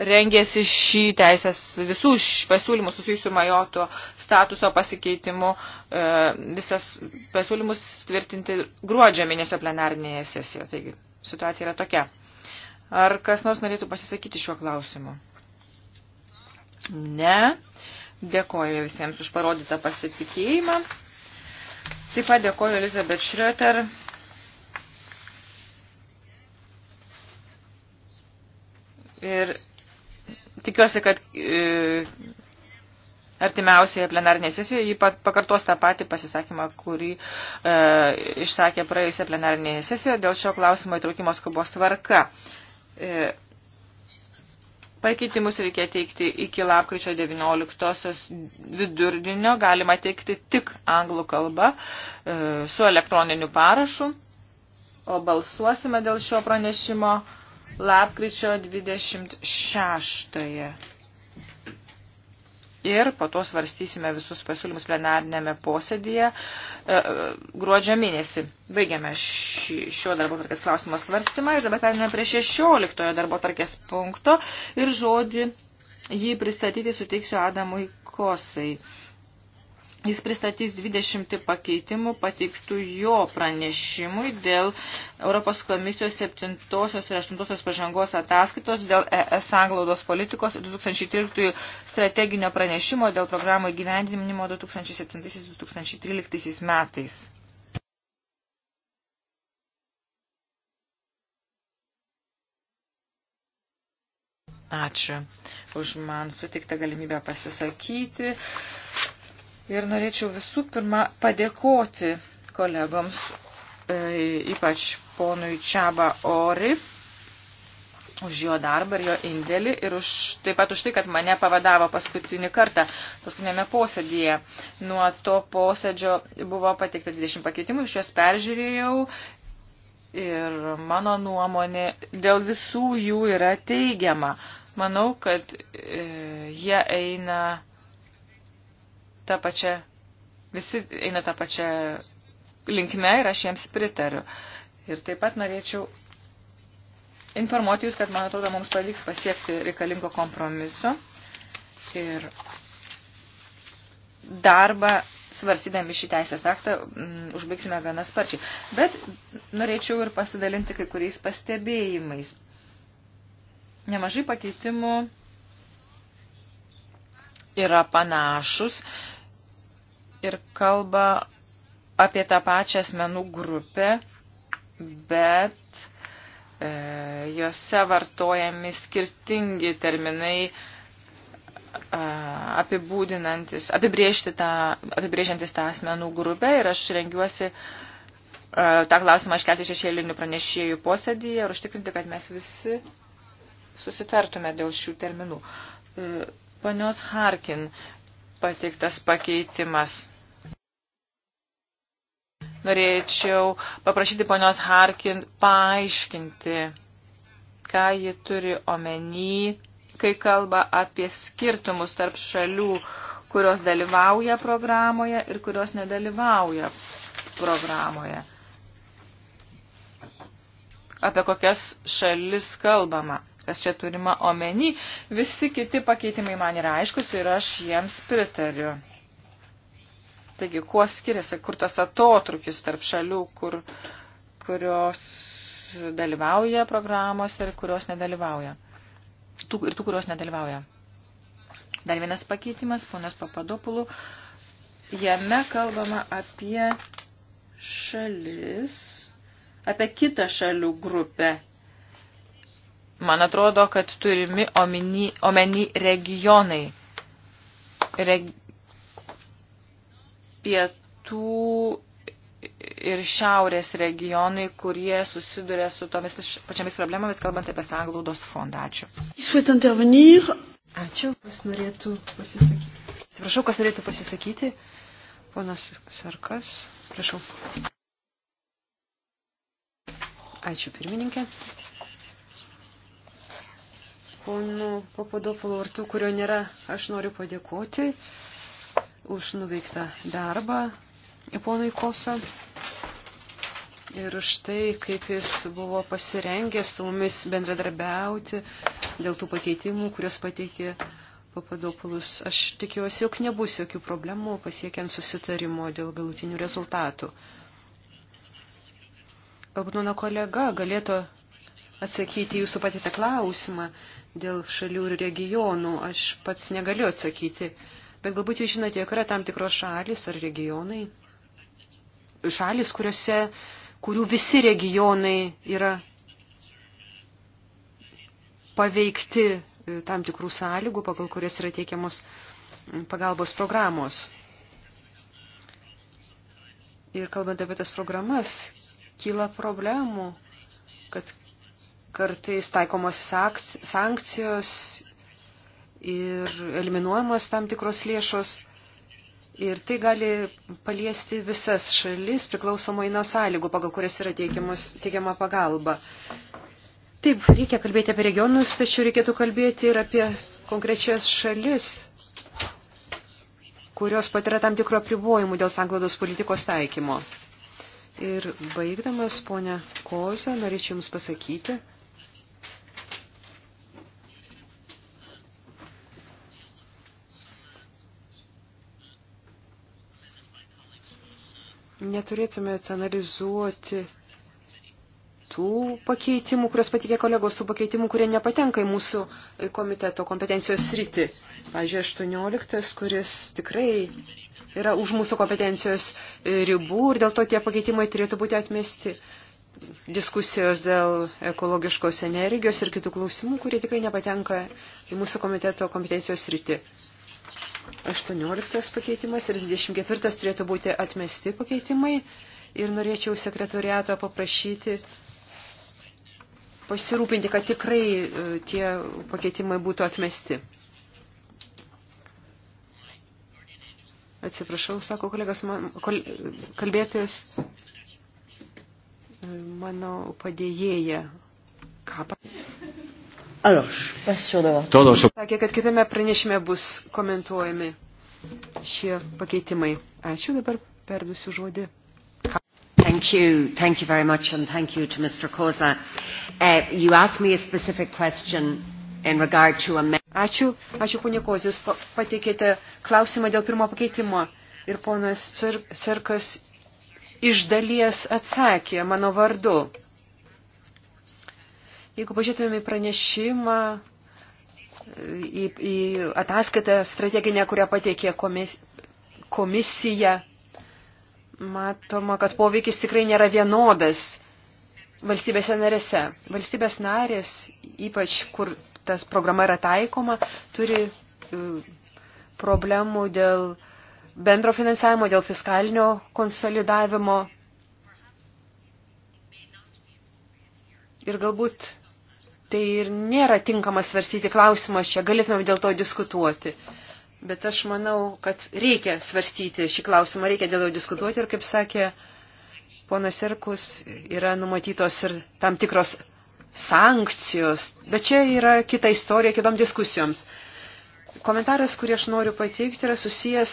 rengėsi šį teisės visų pasiūlymus susijusių majoto statuso pasikeitimu e, visas pasiūlymus tvirtinti gruodžio mėnesio plenarinėje sesijoje. Taigi situacija yra tokia. Ar kas nors norėtų pasisakyti šiuo klausimu? Ne. Dėkoju visiems už parodytą pasitikėjimą. Taip pat dėkoju Elizabeth Schröter. Ir tikiuosi, kad e, artimiausioje plenarinėje sesijoje, jį pakartos tą patį pasisakymą, kurį e, išsakė praėjusią plenarinėje sesijoje dėl šio klausimo įtraukimo skubos tvarka. E, pakeitimus reikia teikti iki lapkričio 19 vidurdienio, galima teikti tik anglų kalba e, su elektroniniu parašu, o balsuosime dėl šio pranešimo lapkričio 26 ir po to svarstysime visus pasiūlymus plenarnėme posėdėje e, e, gruodžio mėnesį. Baigiame šio darbo tarkės klausimo svarstymą ir dabar perėmėme prie 16 darbo tarkės punkto ir žodį jį pristatyti suteiksiu Adamui Kosai. Jis pristatys 20 pakeitimų pateiktų jo pranešimui dėl Europos komisijos 7 ir 8 pažangos ataskaitos dėl ES anglaudos politikos 2013 strateginio pranešimo dėl programų įgyvendinimo 2007-2013 metais. Ačiū už man sutiktą galimybę pasisakyti. Ir norėčiau visų pirma padėkoti kolegoms, e, ypač ponui Čiaba Ori, už jo darbą ir jo indėlį ir už, taip pat už tai, kad mane pavadavo paskutinį kartą, paskutinėme posėdėje. Nuo to posėdžio buvo pateikta 20 pakeitimų, iš juos peržiūrėjau ir mano nuomonė dėl visų jų yra teigiama. Manau, kad e, jie eina tą pačią, visi eina tą pačią linkme ir aš jiems pritariu. Ir taip pat norėčiau informuoti jūs, kad, man atrodo, mums pavyks pasiekti reikalingo kompromiso ir darbą svarsydami šį teisės aktą m, mm, užbaigsime gana sparčiai. Bet norėčiau ir pasidalinti kai kuriais pastebėjimais. Nemažai pakeitimų yra panašus ir kalba apie tą pačią asmenų grupę, bet e, juose vartojami skirtingi terminai e, apibūdinantis, apibrėžti tą, apibrėžiantis tą asmenų grupę ir aš rengiuosi e, tą klausimą iškelti šešėlinių pranešėjų posėdyje ir užtikrinti, kad mes visi susitartume dėl šių terminų. E, ponios Harkin pateiktas pakeitimas. Norėčiau paprašyti ponios Harkin paaiškinti, ką ji turi omeny, kai kalba apie skirtumus tarp šalių, kurios dalyvauja programoje ir kurios nedalyvauja programoje. Apie kokias šalis kalbama kas čia turima omeny. Visi kiti pakeitimai man yra aiškus ir aš jiems pritariu. Taigi, kuo skiriasi, kur tas atotrukis tarp šalių, kur, kurios dalyvauja programos ir kurios nedalyvauja. Tų, ir tų, kurios nedalyvauja. Dar vienas pakeitimas, ponios Papadopulų. Jame kalbama apie šalis, apie kitą šalių grupę. Man atrodo, kad turimi omeny, omeny regionai. Reg... Pietų ir šiaurės regionai, kurie susiduria su tomis pačiamis problemomis, kalbant apie sanglaudos fondą. Ačiū. Ačiū, kas norėtų pasisakyti. Atsiprašau, kas norėtų pasisakyti. Ponas Sarkas, prašau. Ačiū pirmininkė ponu Papadopulu ir tų, kurio nėra, aš noriu padėkoti už nuveiktą darbą ponui Kosa. Ir už tai, kaip jis buvo pasirengęs su mumis bendradarbiauti dėl tų pakeitimų, kurios pateikė Papadopulus. Aš tikiuosi, jog nebus jokių problemų pasiekiant susitarimo dėl galutinių rezultatų. Galbūt mano kolega galėtų atsakyti jūsų patytą klausimą dėl šalių ir regionų aš pats negaliu atsakyti, bet galbūt jūs žinote, jog yra tam tikros šalis ar regionai, šalis, kuriuose, kurių visi regionai yra paveikti e, tam tikrų sąlygų, pagal kurias yra teikiamos pagalbos programos. Ir kalbant apie tas programas, kyla problemų, kad kartais taikomos sankcijos ir eliminuojamos tam tikros lėšos. Ir tai gali paliesti visas šalis priklausomai nuo sąlygų, pagal kurias yra teikiama pagalba. Taip, reikia kalbėti apie regionus, tačiau reikėtų kalbėti ir apie konkrečias šalis, kurios patiria tam tikro apribojimų dėl sanglaudos politikos taikymo. Ir baigdamas, ponia Koza, norėčiau Jums pasakyti, neturėtumėte analizuoti tų pakeitimų, kurias patikė kolegos, tų pakeitimų, kurie nepatenka į mūsų komiteto kompetencijos sritį. Pavyzdžiui, 18, kuris tikrai yra už mūsų kompetencijos ribų ir dėl to tie pakeitimai turėtų būti atmesti. Diskusijos dėl ekologiškos energijos ir kitų klausimų, kurie tikrai nepatenka į mūsų komiteto kompetencijos sritį. 18 pakeitimas ir 24 turėtų būti atmesti pakeitimai. Ir norėčiau sekretoriato paprašyti pasirūpinti, kad tikrai e, tie pakeitimai būtų atmesti. Atsiprašau, sako kolegas, man, kol, kalbėtojas, e, mano padėjėja. Ką? Sakė, kad kitame pranešime bus komentuojami šie pakeitimai. Ačiū, dabar perdusiu žodį. Thank you. Thank you very much and thank you to Mr. Koza. Uh, you asked me a specific question in regard to a... Ačiū, ačiū ponė Kozis, pateikėte klausimą dėl pirmo pakeitimo ir ponas Cirkas iš dalies atsakė mano vardu. Jeigu pažiūrėtumėm į pranešimą, į, į ataskaitą strateginę, kurią pateikė komis, komisija, matoma, kad poveikis tikrai nėra vienodas valstybėse narėse. Valstybės narės, ypač kur tas programa yra taikoma, turi e, problemų dėl bendro finansavimo, dėl fiskalinio konsolidavimo. Ir galbūt tai ir nėra tinkama svarstyti klausimas čia, galėtumėm dėl to diskutuoti. Bet aš manau, kad reikia svarstyti šį klausimą, reikia dėl jo diskutuoti ir, kaip sakė ponas Irkus, yra numatytos ir tam tikros sankcijos, bet čia yra kita istorija kitom diskusijoms. Komentaras, kurį aš noriu pateikti, yra susijęs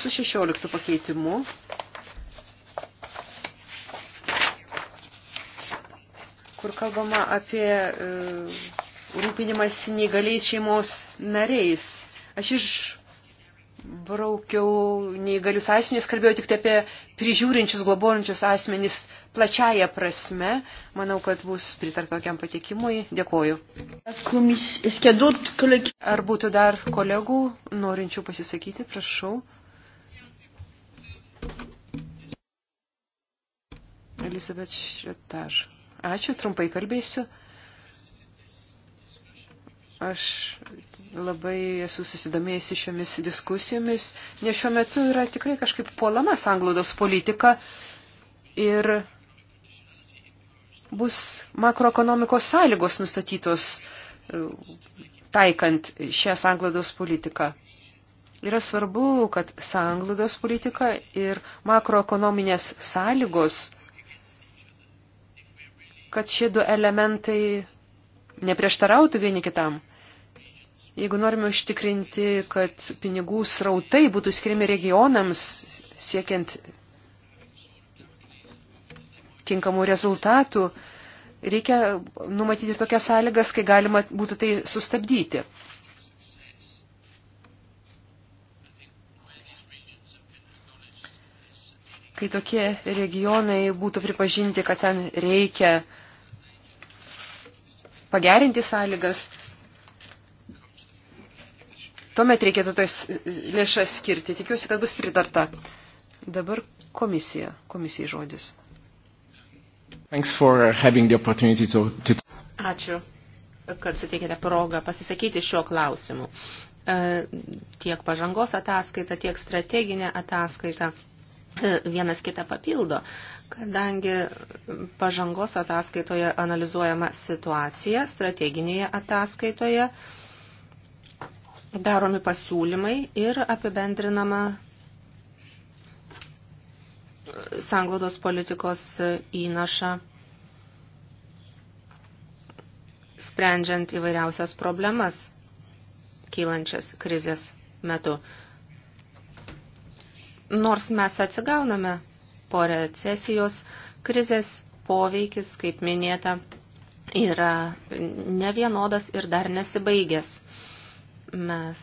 su 16 pakeitimu. kur kalbama apie e, rūpinimas neįgaliais šeimos nariais. Aš išbraukiau neįgalius asmenys, kalbėjau tik tai apie prižiūrinčius, globojančius asmenys plačiaja prasme. Manau, kad bus pritart tokiam patikimui. Dėkoju. Ar būtų dar kolegų norinčių pasisakyti, prašau. Elisabeth Šretar. Ačiū, trumpai kalbėsiu. Aš labai esu susidomėjusi šiomis diskusijomis, nes šiuo metu yra tikrai kažkaip puolama sanglaudos politika ir bus makroekonomikos sąlygos nustatytos taikant šią sanglaudos politiką. Yra svarbu, kad sanglaudos politika ir makroekonominės sąlygos kad šie du elementai neprieštarautų vieni kitam. Jeigu norime užtikrinti, kad pinigų srautai būtų skiriami regionams siekiant tinkamų rezultatų, reikia numatyti tokias sąlygas, kai galima būtų tai sustabdyti. kai tokie regionai būtų pripažinti, kad ten reikia pagerinti sąlygas, tuomet reikėtų tas lėšas skirti. Tikiuosi, kad bus pritarta. Dabar komisija, komisijai žodis. To... Ačiū, kad suteikėte progą pasisakyti šiuo klausimu. E, tiek pažangos ataskaita, tiek strateginė ataskaita E, vienas kitą papildo, kadangi pažangos ataskaitoje analizuojama situacija, strateginėje ataskaitoje daromi pasiūlymai ir apibendrinama sanglaudos politikos įnašą sprendžiant įvairiausias problemas kylančias krizės metu. Nors mes atsigauname po recesijos, krizės poveikis, kaip minėta, yra nevienodas ir dar nesibaigęs. Mes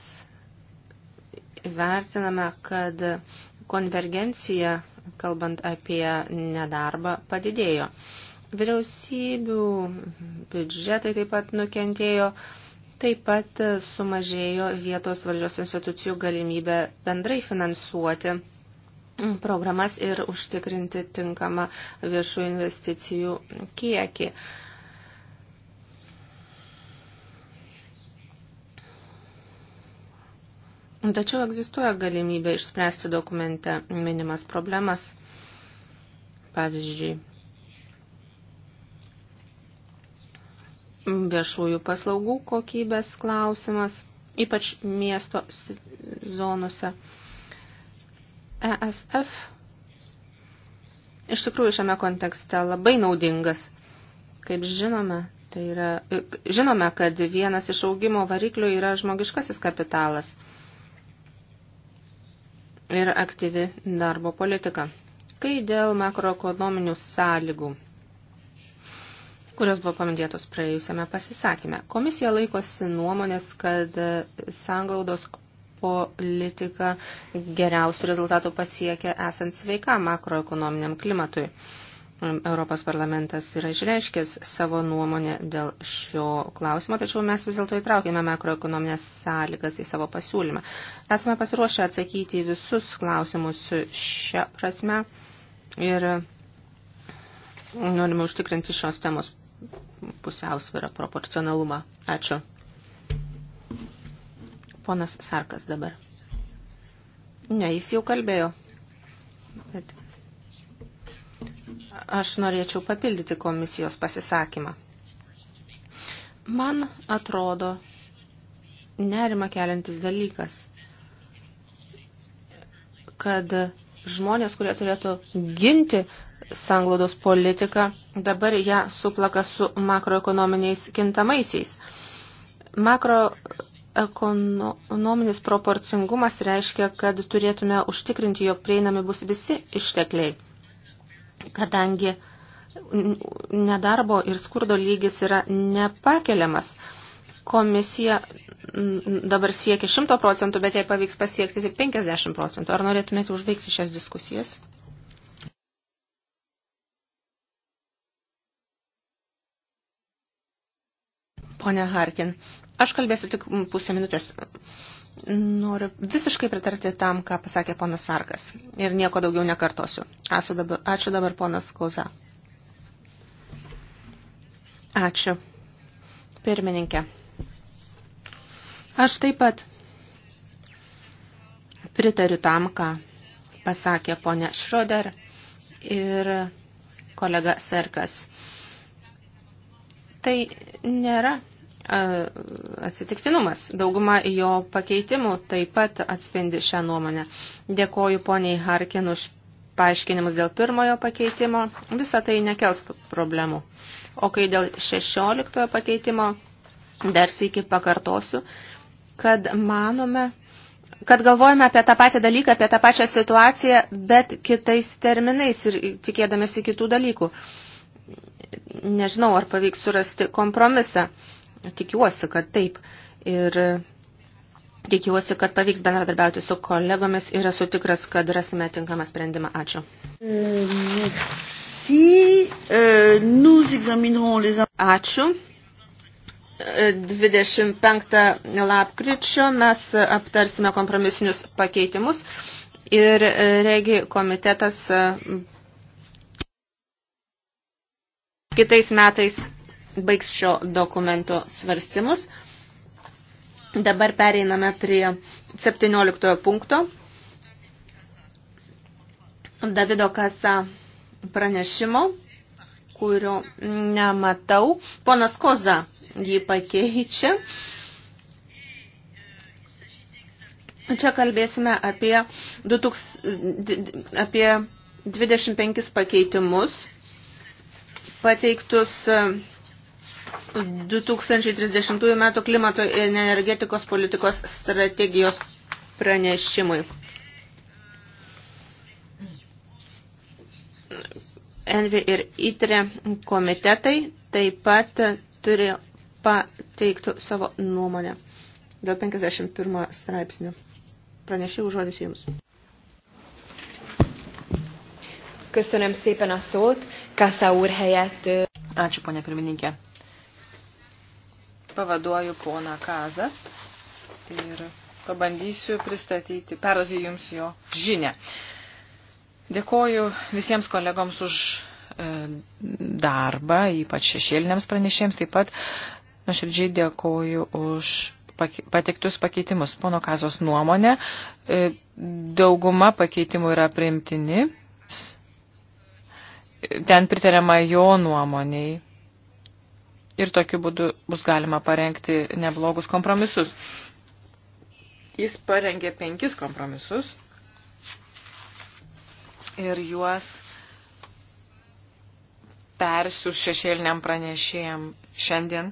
vertiname, kad konvergencija, kalbant apie nedarbą, padidėjo. Vyriausybių biudžetai taip pat nukentėjo, taip pat sumažėjo vietos valdžios institucijų galimybę bendrai finansuoti programas ir užtikrinti tinkamą viešų investicijų kiekį. Tačiau egzistuoja galimybė išspręsti dokumente minimas problemas. Pavyzdžiui, viešųjų paslaugų kokybės klausimas, ypač miesto zonose. ESF iš tikrųjų šiame kontekste labai naudingas. Kaip žinome, tai yra, e, žinome, kad vienas iš augimo variklių yra žmogiškasis kapitalas ir aktyvi darbo politika. Kai dėl makroekonominių sąlygų, kurios buvo paminėtos praėjusiame pasisakyme, komisija laikosi nuomonės, kad sangaudos politika geriausių rezultatų pasiekia esant sveika makroekonominiam klimatui. Europos parlamentas yra išreiškęs savo nuomonę dėl šio klausimo, tačiau mes vis dėlto įtraukėme makroekonominės sąlygas į savo pasiūlymą. Esame pasiruošę atsakyti į visus klausimus šią prasme ir norime užtikrinti šios temos pusiausvyrą proporcionalumą. Ačiū. Ponas Sarkas dabar. Ne, jis jau kalbėjo. Bet aš norėčiau papildyti komisijos pasisakymą. Man atrodo nerima keliantis dalykas, kad žmonės, kurie turėtų ginti sanglaudos politiką, dabar ją suplaka su makroekonominiais kintamaisiais. Makro Ekonominis proporcingumas reiškia, kad turėtume užtikrinti, jog prieinami bus visi ištekliai, kadangi nedarbo ir skurdo lygis yra nepakeliamas. Komisija dabar siekia 100 procentų, bet jai pavyks pasiekti tik 50 procentų. Ar norėtumėte užbaigti šias diskusijas? Pone Harkin, Aš kalbėsiu tik pusę minutės. Noriu visiškai pritarti tam, ką pasakė ponas Sarkas. Ir nieko daugiau nekartosiu. Ačiū dabar, ačiū dabar ponas Koza. Ačiū. Pirmininkė. Aš taip pat pritariu tam, ką pasakė ponė Šroder ir kolega Serkas. Tai nėra atsitiktinumas. Dauguma jo pakeitimų taip pat atspindi šią nuomonę. Dėkoju poniai Harkin už paaiškinimus dėl pirmojo pakeitimo. Visa tai nekels problemų. O kai dėl šešioliktojo pakeitimo, dar sėki pakartosiu, kad manome, kad galvojame apie tą patį dalyką, apie tą pačią situaciją, bet kitais terminais ir tikėdamėsi kitų dalykų. Nežinau, ar pavyks surasti kompromisą. Tikiuosi, kad taip. Ir tikiuosi, kad pavyks bendradarbiauti su kolegomis ir esu tikras, kad rasime tinkamą sprendimą. Ačiū. Euh, Ačiū. 25 e, lapkričio mes aptarsime kompromisinius pakeitimus ir e, regi komitetas e, kitais metais baigs šio dokumento svarstymus. Dabar pereiname prie 17 punkto. Davido Kasa pranešimo, kurio nematau. Ponas Koza jį pakeičia. Čia kalbėsime apie, 2000, apie 25 pakeitimus pateiktus 2030 m. klimato ir energetikos politikos strategijos pranešimui. Envi ir ITRE komitetai taip pat turi pateikti savo nuomonę dėl 51 straipsnių. Pranešiau žodis jums. Köszönöm szépen a szót, Kassa úr helyett. Ačiū, ponia pirmininkė pavaduoju poną Kazą ir pabandysiu pristatyti, perduoti jums jo žinę. Dėkoju visiems kolegoms už e, darbą, ypač šešėliniams pranešėjams, taip pat nuoširdžiai dėkoju už pateiktus pakeitimus. Pono Kazos nuomonė, e, dauguma pakeitimų yra priimtini, ten pritariama jo nuomoniai ir tokiu būdu bus galima parengti neblogus kompromisus. Jis parengė penkis kompromisus ir juos persius šešėliniam pranešėjam šiandien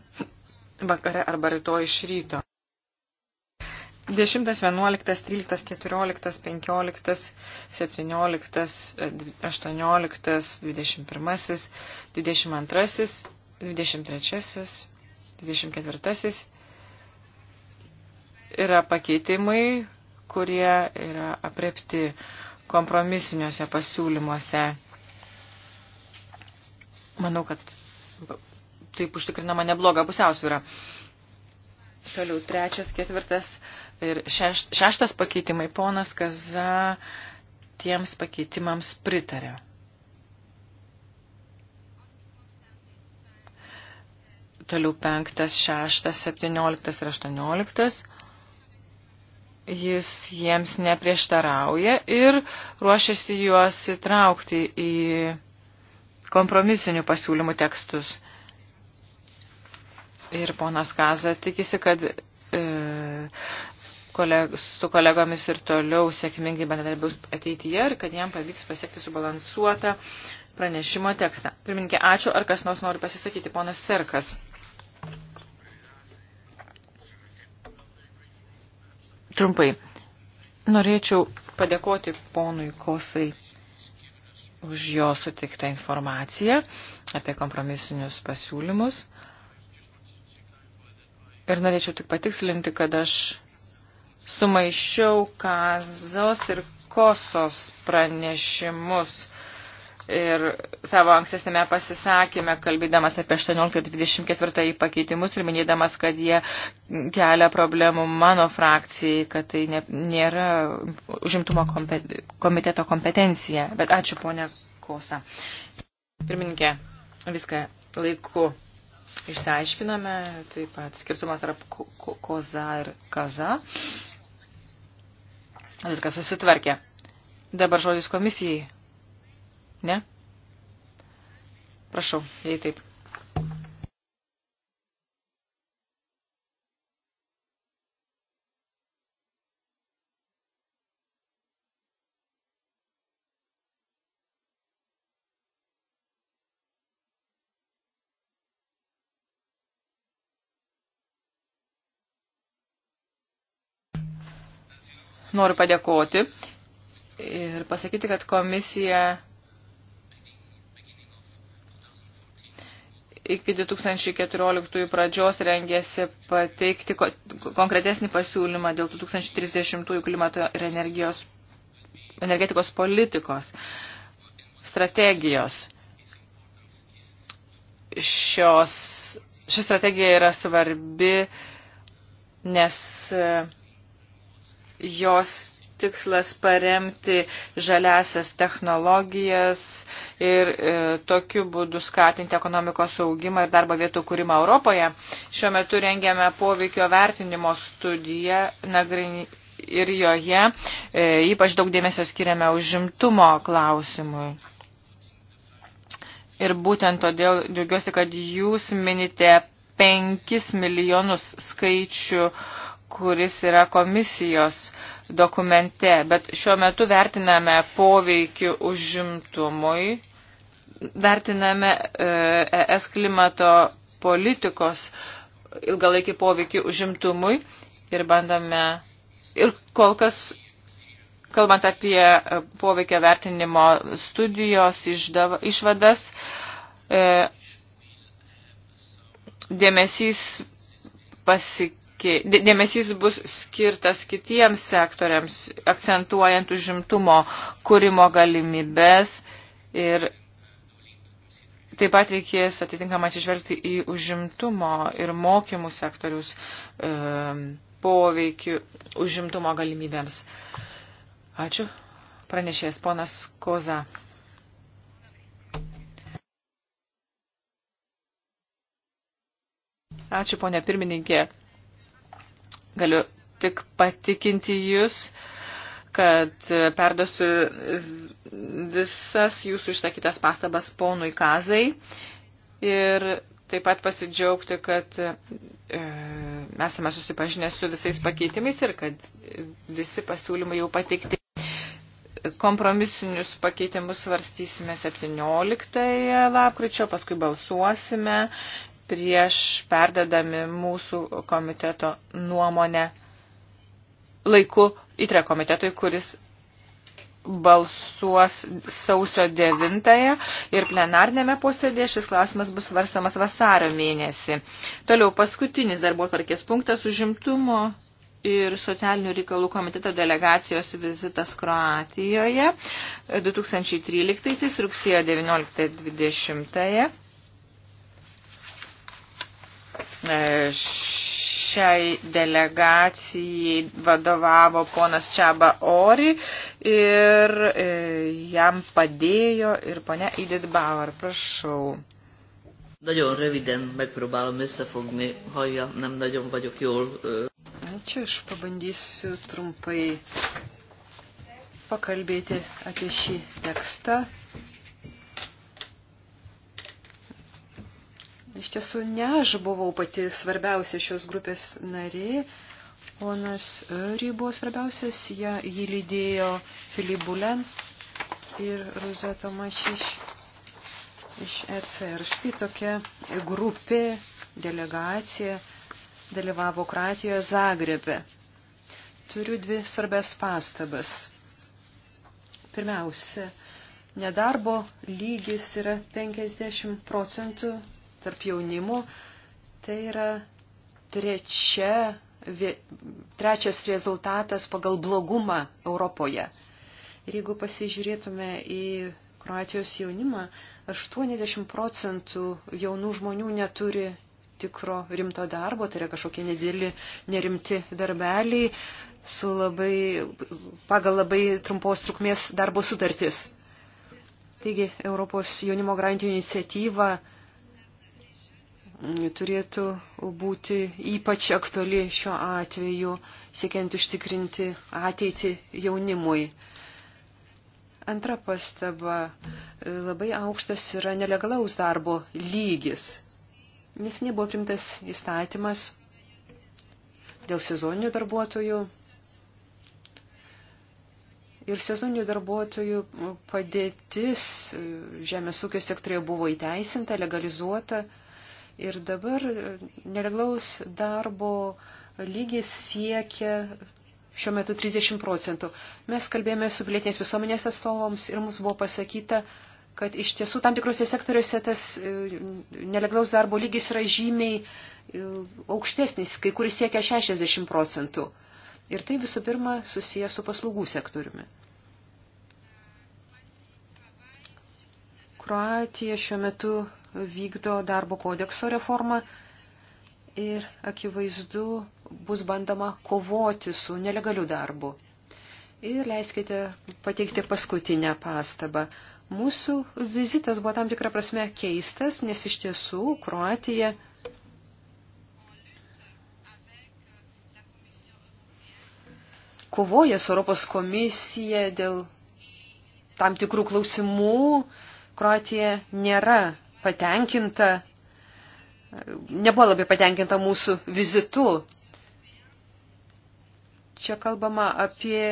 vakare arba rytoj iš ryto. 10, 11, 13, 14, 15, 17, 18, 21, 22 23, 24 yra pakeitimai, kurie yra aprepti kompromisiniuose pasiūlymuose. Manau, kad taip užtikrinama nebloga pusiausvyra. Toliau trečias, ketvirtas ir šeštas pakeitimai. Ponas Kaza tiems pakeitimams pritarė. toliau 5, 6, 17 ir 18. Jis jiems neprieštarauja ir ruošiasi juos įtraukti į kompromisinių pasiūlymų tekstus. Ir ponas Kaza tikisi, kad e, koleg, su kolegomis ir toliau sėkmingai bendradarbiaus ateityje ir kad jam pavyks pasiekti subalansuotą pranešimo tekstą. Pirmininkė, ačiū. Ar kas nors nori pasisakyti? Ponas Serkas. Trumpai. Norėčiau padėkoti ponui Kosai už jo sutiktą informaciją apie kompromisinius pasiūlymus. Ir norėčiau tik patikslinti, kad aš sumaišiau Kazos ir Kosos pranešimus ir savo ankstesnėme pasisakėme, kalbėdamas apie 18-24 pakeitimus ir minėdamas, kad jie kelia problemų mano frakcijai, kad tai ne, nėra užimtumo kompet, komiteto kompetencija. Bet ačiū, ponia Kosa. Pirmininkė, viską laiku išsiaiškiname, taip pat skirtumą tarp koza ir kaza. Viskas susitvarkė. Dabar žodis komisijai. Ne? Prašau, jei taip. Noriu padėkoti ir pasakyti, kad komisija iki 2014 pradžios rengėsi pateikti konkretesnį pasiūlymą dėl 2030 klimato ir energijos, energetikos politikos strategijos. Šios, ši strategija yra svarbi, nes e, jos tikslas paremti žaliasias technologijas ir e, tokiu būdu skatinti ekonomikos augimą ir darbo vietų kūrimą Europoje. Šiuo metu rengiame poveikio vertinimo studiją nagrinį, ir joje e, ypač daug dėmesio skiriame užimtumo klausimui. Ir būtent todėl džiaugiuosi, kad jūs minite 5 milijonus skaičių, kuris yra komisijos dokumente, bet šiuo metu vertiname poveikį užimtumui, vertiname ES e klimato politikos ilgalaikį poveikį užimtumui ir bandome ir kol kas Kalbant apie poveikio vertinimo studijos išdav, išvadas, e, dėmesys pasi, dėmesys bus skirtas kitiems sektoriams, akcentuojant užimtumo kūrimo galimybės ir taip pat reikės atitinkamai atsižvelgti į užimtumo ir mokymų sektorius e, poveikių užimtumo galimybėms. Ačiū. Pranešės ponas Koza. Ačiū, ponė pirmininkė. Galiu tik patikinti jūs, kad e, perduosiu visas jūsų išsakytas pastabas ponui Kazai ir taip pat pasidžiaugti, kad e, esame susipažinę su visais pakeitimais ir kad visi pasiūlymai jau pateikti. Kompromisinius pakeitimus svarstysime 17 lapkričio, paskui balsuosime prieš perdadami mūsų komiteto nuomonę laiku įtre komitetui, kuris balsuos sausio 9 ir plenarnėme posėdėje šis klausimas bus svarstamas vasario mėnesį. Toliau paskutinis darbo tvarkės punktas užimtumo ir socialinių reikalų komiteto delegacijos vizitas Kroatijoje 2013 rugsėjo 19-20. E, šiai delegacijai vadovavo ponas Čiaba Ori ir e, jam padėjo ir ponia Edith Bauer. Prašau. Nagyon röviden megpróbálom összefogni, hallja, nem nagyon vagyok jól. Ačiū, aš pabandysiu trumpai pakalbėti apie šį tekstą. Iš tiesų, ne aš buvau pati svarbiausia šios grupės narė, ponas Ry buvo svarbiausias, ją, jį lydėjo Filip Bulen ir Ruzeto Mačiš iš ECR. Štai tokia grupė, delegacija dalyvavo Kroatijoje Zagrebe. Turiu dvi svarbės pastabas. Pirmiausia, nedarbo lygis yra 50 procentų tarp jaunimo, tai yra trečia, trečias rezultatas pagal blogumą Europoje. Ir jeigu pasižiūrėtume į Kroatijos jaunimą, 80 procentų jaunų žmonių neturi tikro rimto darbo, tai yra kažkokie nedėlį, nerimti darbeliai su labai, pagal labai trumpos trukmės darbo sutartis. Taigi Europos jaunimo garantijų iniciatyva turėtų būti ypač aktuali šiuo atveju, siekiant užtikrinti ateitį jaunimui. Antra pastaba. Labai aukštas yra nelegalaus darbo lygis. Nes nebuvo primtas įstatymas dėl sezoninių darbuotojų. Ir sezoninių darbuotojų padėtis žemės ūkio sektorėje buvo įteisinta, legalizuota. Ir dabar nelegalaus darbo lygis siekia šiuo metu 30 procentų. Mes kalbėjome su pilietinės visuomenės atstovams ir mums buvo pasakyta, kad iš tiesų tam tikrose sektoriuose tas e, nelegalaus darbo lygis yra žymiai e, aukštesnis, kai kuris siekia 60 procentų. Ir tai visų pirma susiję su paslaugų sektoriumi. Kroatija šiuo metu vykdo darbo kodekso reformą ir akivaizdu bus bandama kovoti su nelegaliu darbu. Ir leiskite pateikti paskutinę pastabą. Mūsų vizitas buvo tam tikrą prasme keistas, nes iš tiesų Kroatija kovoja su Europos komisija dėl tam tikrų klausimų. Kroatija nėra patenkinta, nebuvo labai patenkinta mūsų vizitu. Čia kalbama apie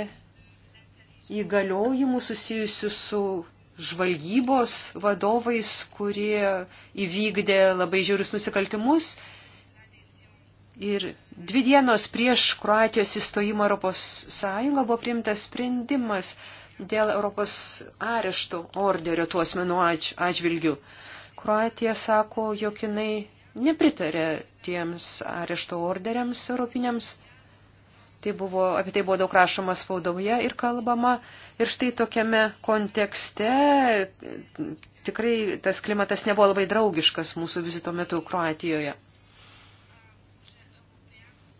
įgaliojimų susijusių su žvalgybos vadovais, kurie įvykdė labai žiaurius nusikaltimus. Ir dvi dienos prieš Kroatijos įstojimą Europos Sąjungą buvo priimtas sprendimas dėl Europos arešto orderio tuos menų atžvilgių. Atž Kroatija sako, jog jinai nepritarė tiems arešto orderiams europiniams. Tai buvo, apie tai buvo daug rašoma spaudoje ir kalbama. Ir štai tokiame kontekste tikrai tas klimatas nebuvo labai draugiškas mūsų vizito metu Kroatijoje.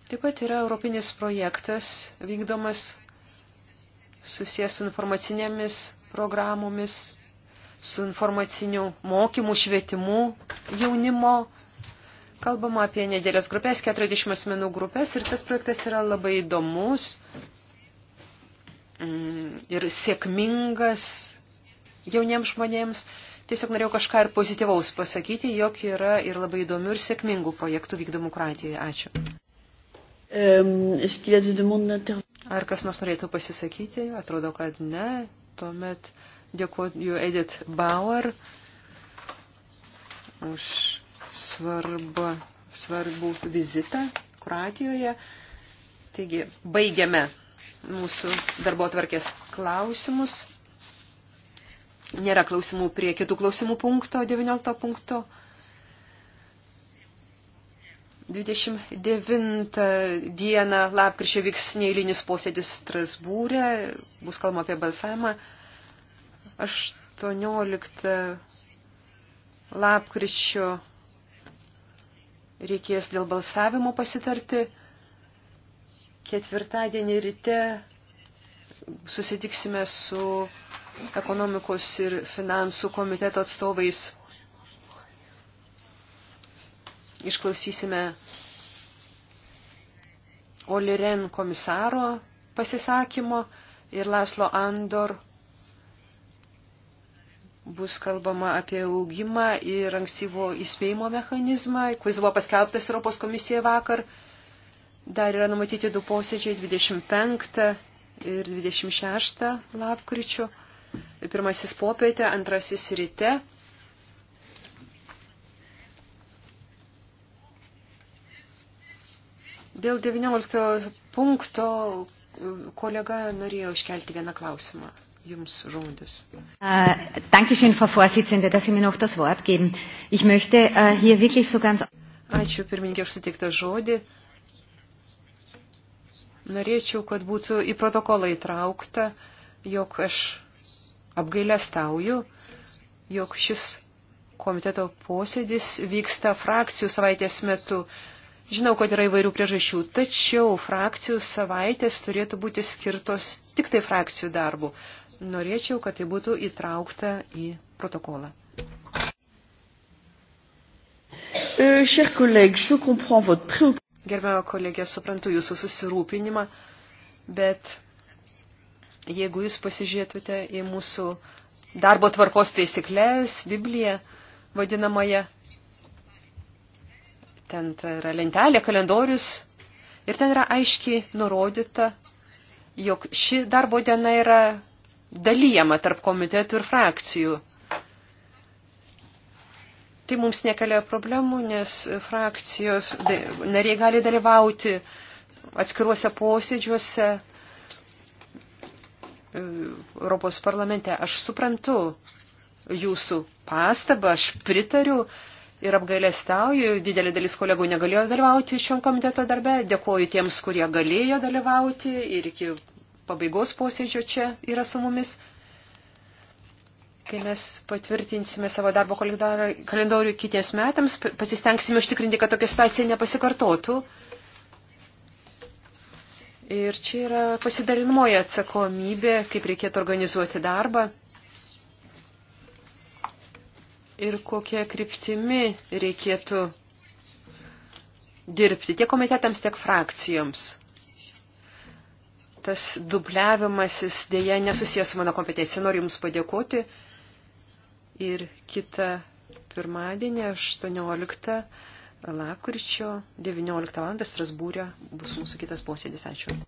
Taip pat yra europinis projektas vykdomas susijęs su informacinėmis programomis su informaciniu mokymu, švietimu jaunimo. Kalbama apie nedėlės grupės, 40 asmenų grupės ir tas projektas yra labai įdomus mm, ir sėkmingas jauniems žmonėms. Tiesiog norėjau kažką ir pozityvaus pasakyti, jog yra ir labai įdomių ir sėkmingų projektų vykdomų Kroatijoje. Ačiū. Ar kas nors norėtų pasisakyti? Atrodo, kad ne. Tuomet Dėkuoju Edith Bauer už svarbą, svarbų vizitą Kroatijoje. Taigi, baigiame mūsų darbo tvarkės klausimus. Nėra klausimų prie kitų klausimų punkto, 19 punkto. 29 dieną lapkričio vyks neįlinis posėdis Strasbūrė, bus kalbama apie balsavimą. 18 lapkričio reikės dėl balsavimo pasitarti. Ketvirtadienį ryte susitiksime su ekonomikos ir finansų komiteto atstovais. Išklausysime Oliren komisaro pasisakymo ir Laslo Andor bus kalbama apie augimą ir ankstyvo įspėjimo mechanizmą, kuris buvo paskelbtas Europos komisija vakar. Dar yra numatyti du posėdžiai 25 ir 26 lapkričio. Pirmasis popietė, antrasis ryte. Dėl 19 punkto kolega norėjo iškelti vieną klausimą. Jums žodis. Uh, äh, Dankeschön, Frau Vorsitzende, dass Sie mir noch das Wort geben. Ich möchte uh, hier wirklich so ganz. Ačiū, pirmininkė, už sutiktą žodį. Norėčiau, kad būtų į protokolą įtraukta, jog aš apgailestauju, jog šis komiteto posėdis vyksta frakcijų savaitės metu. Uh, Žinau, kad yra įvairių priežasčių, tačiau frakcijų savaitės turėtų būti skirtos tik tai frakcijų darbų. Norėčiau, kad tai būtų įtraukta į protokolą. Euh, Gerbiamą kolegę, suprantu jūsų susirūpinimą, bet jeigu jūs pasižiūrėtumėte į mūsų darbo tvarkos taisyklės, Bibliją vadinamąją, Ten yra lentelė, kalendorius ir ten yra aiškiai nurodyta, jog ši darbo diena yra dalyjama tarp komitetų ir frakcijų. Tai mums nekelia problemų, nes frakcijos nariai gali dalyvauti atskiruose posėdžiuose e, Europos parlamente. Aš suprantu jūsų pastabą, aš pritariu ir apgailestauju, didelė dalis kolegų negalėjo dalyvauti šiom komiteto darbe. Dėkuoju tiems, kurie galėjo dalyvauti ir iki pabaigos posėdžio čia yra su mumis. Kai mes patvirtinsime savo darbo kalendorių kitiems metams, pasistengsime užtikrinti, kad tokia situacija nepasikartotų. Ir čia yra pasidalinimoje atsakomybė, kaip reikėtų organizuoti darbą ir kokia kryptimi reikėtų dirbti tiek komitetams, tiek frakcijoms. Tas dubliavimasis dėja nesusijęs su mano kompetencija. Noriu Jums padėkoti. Ir kitą pirmadienį, 18 lapkričio, 19 val. Strasbūrė bus mūsų kitas posėdis. Ačiū.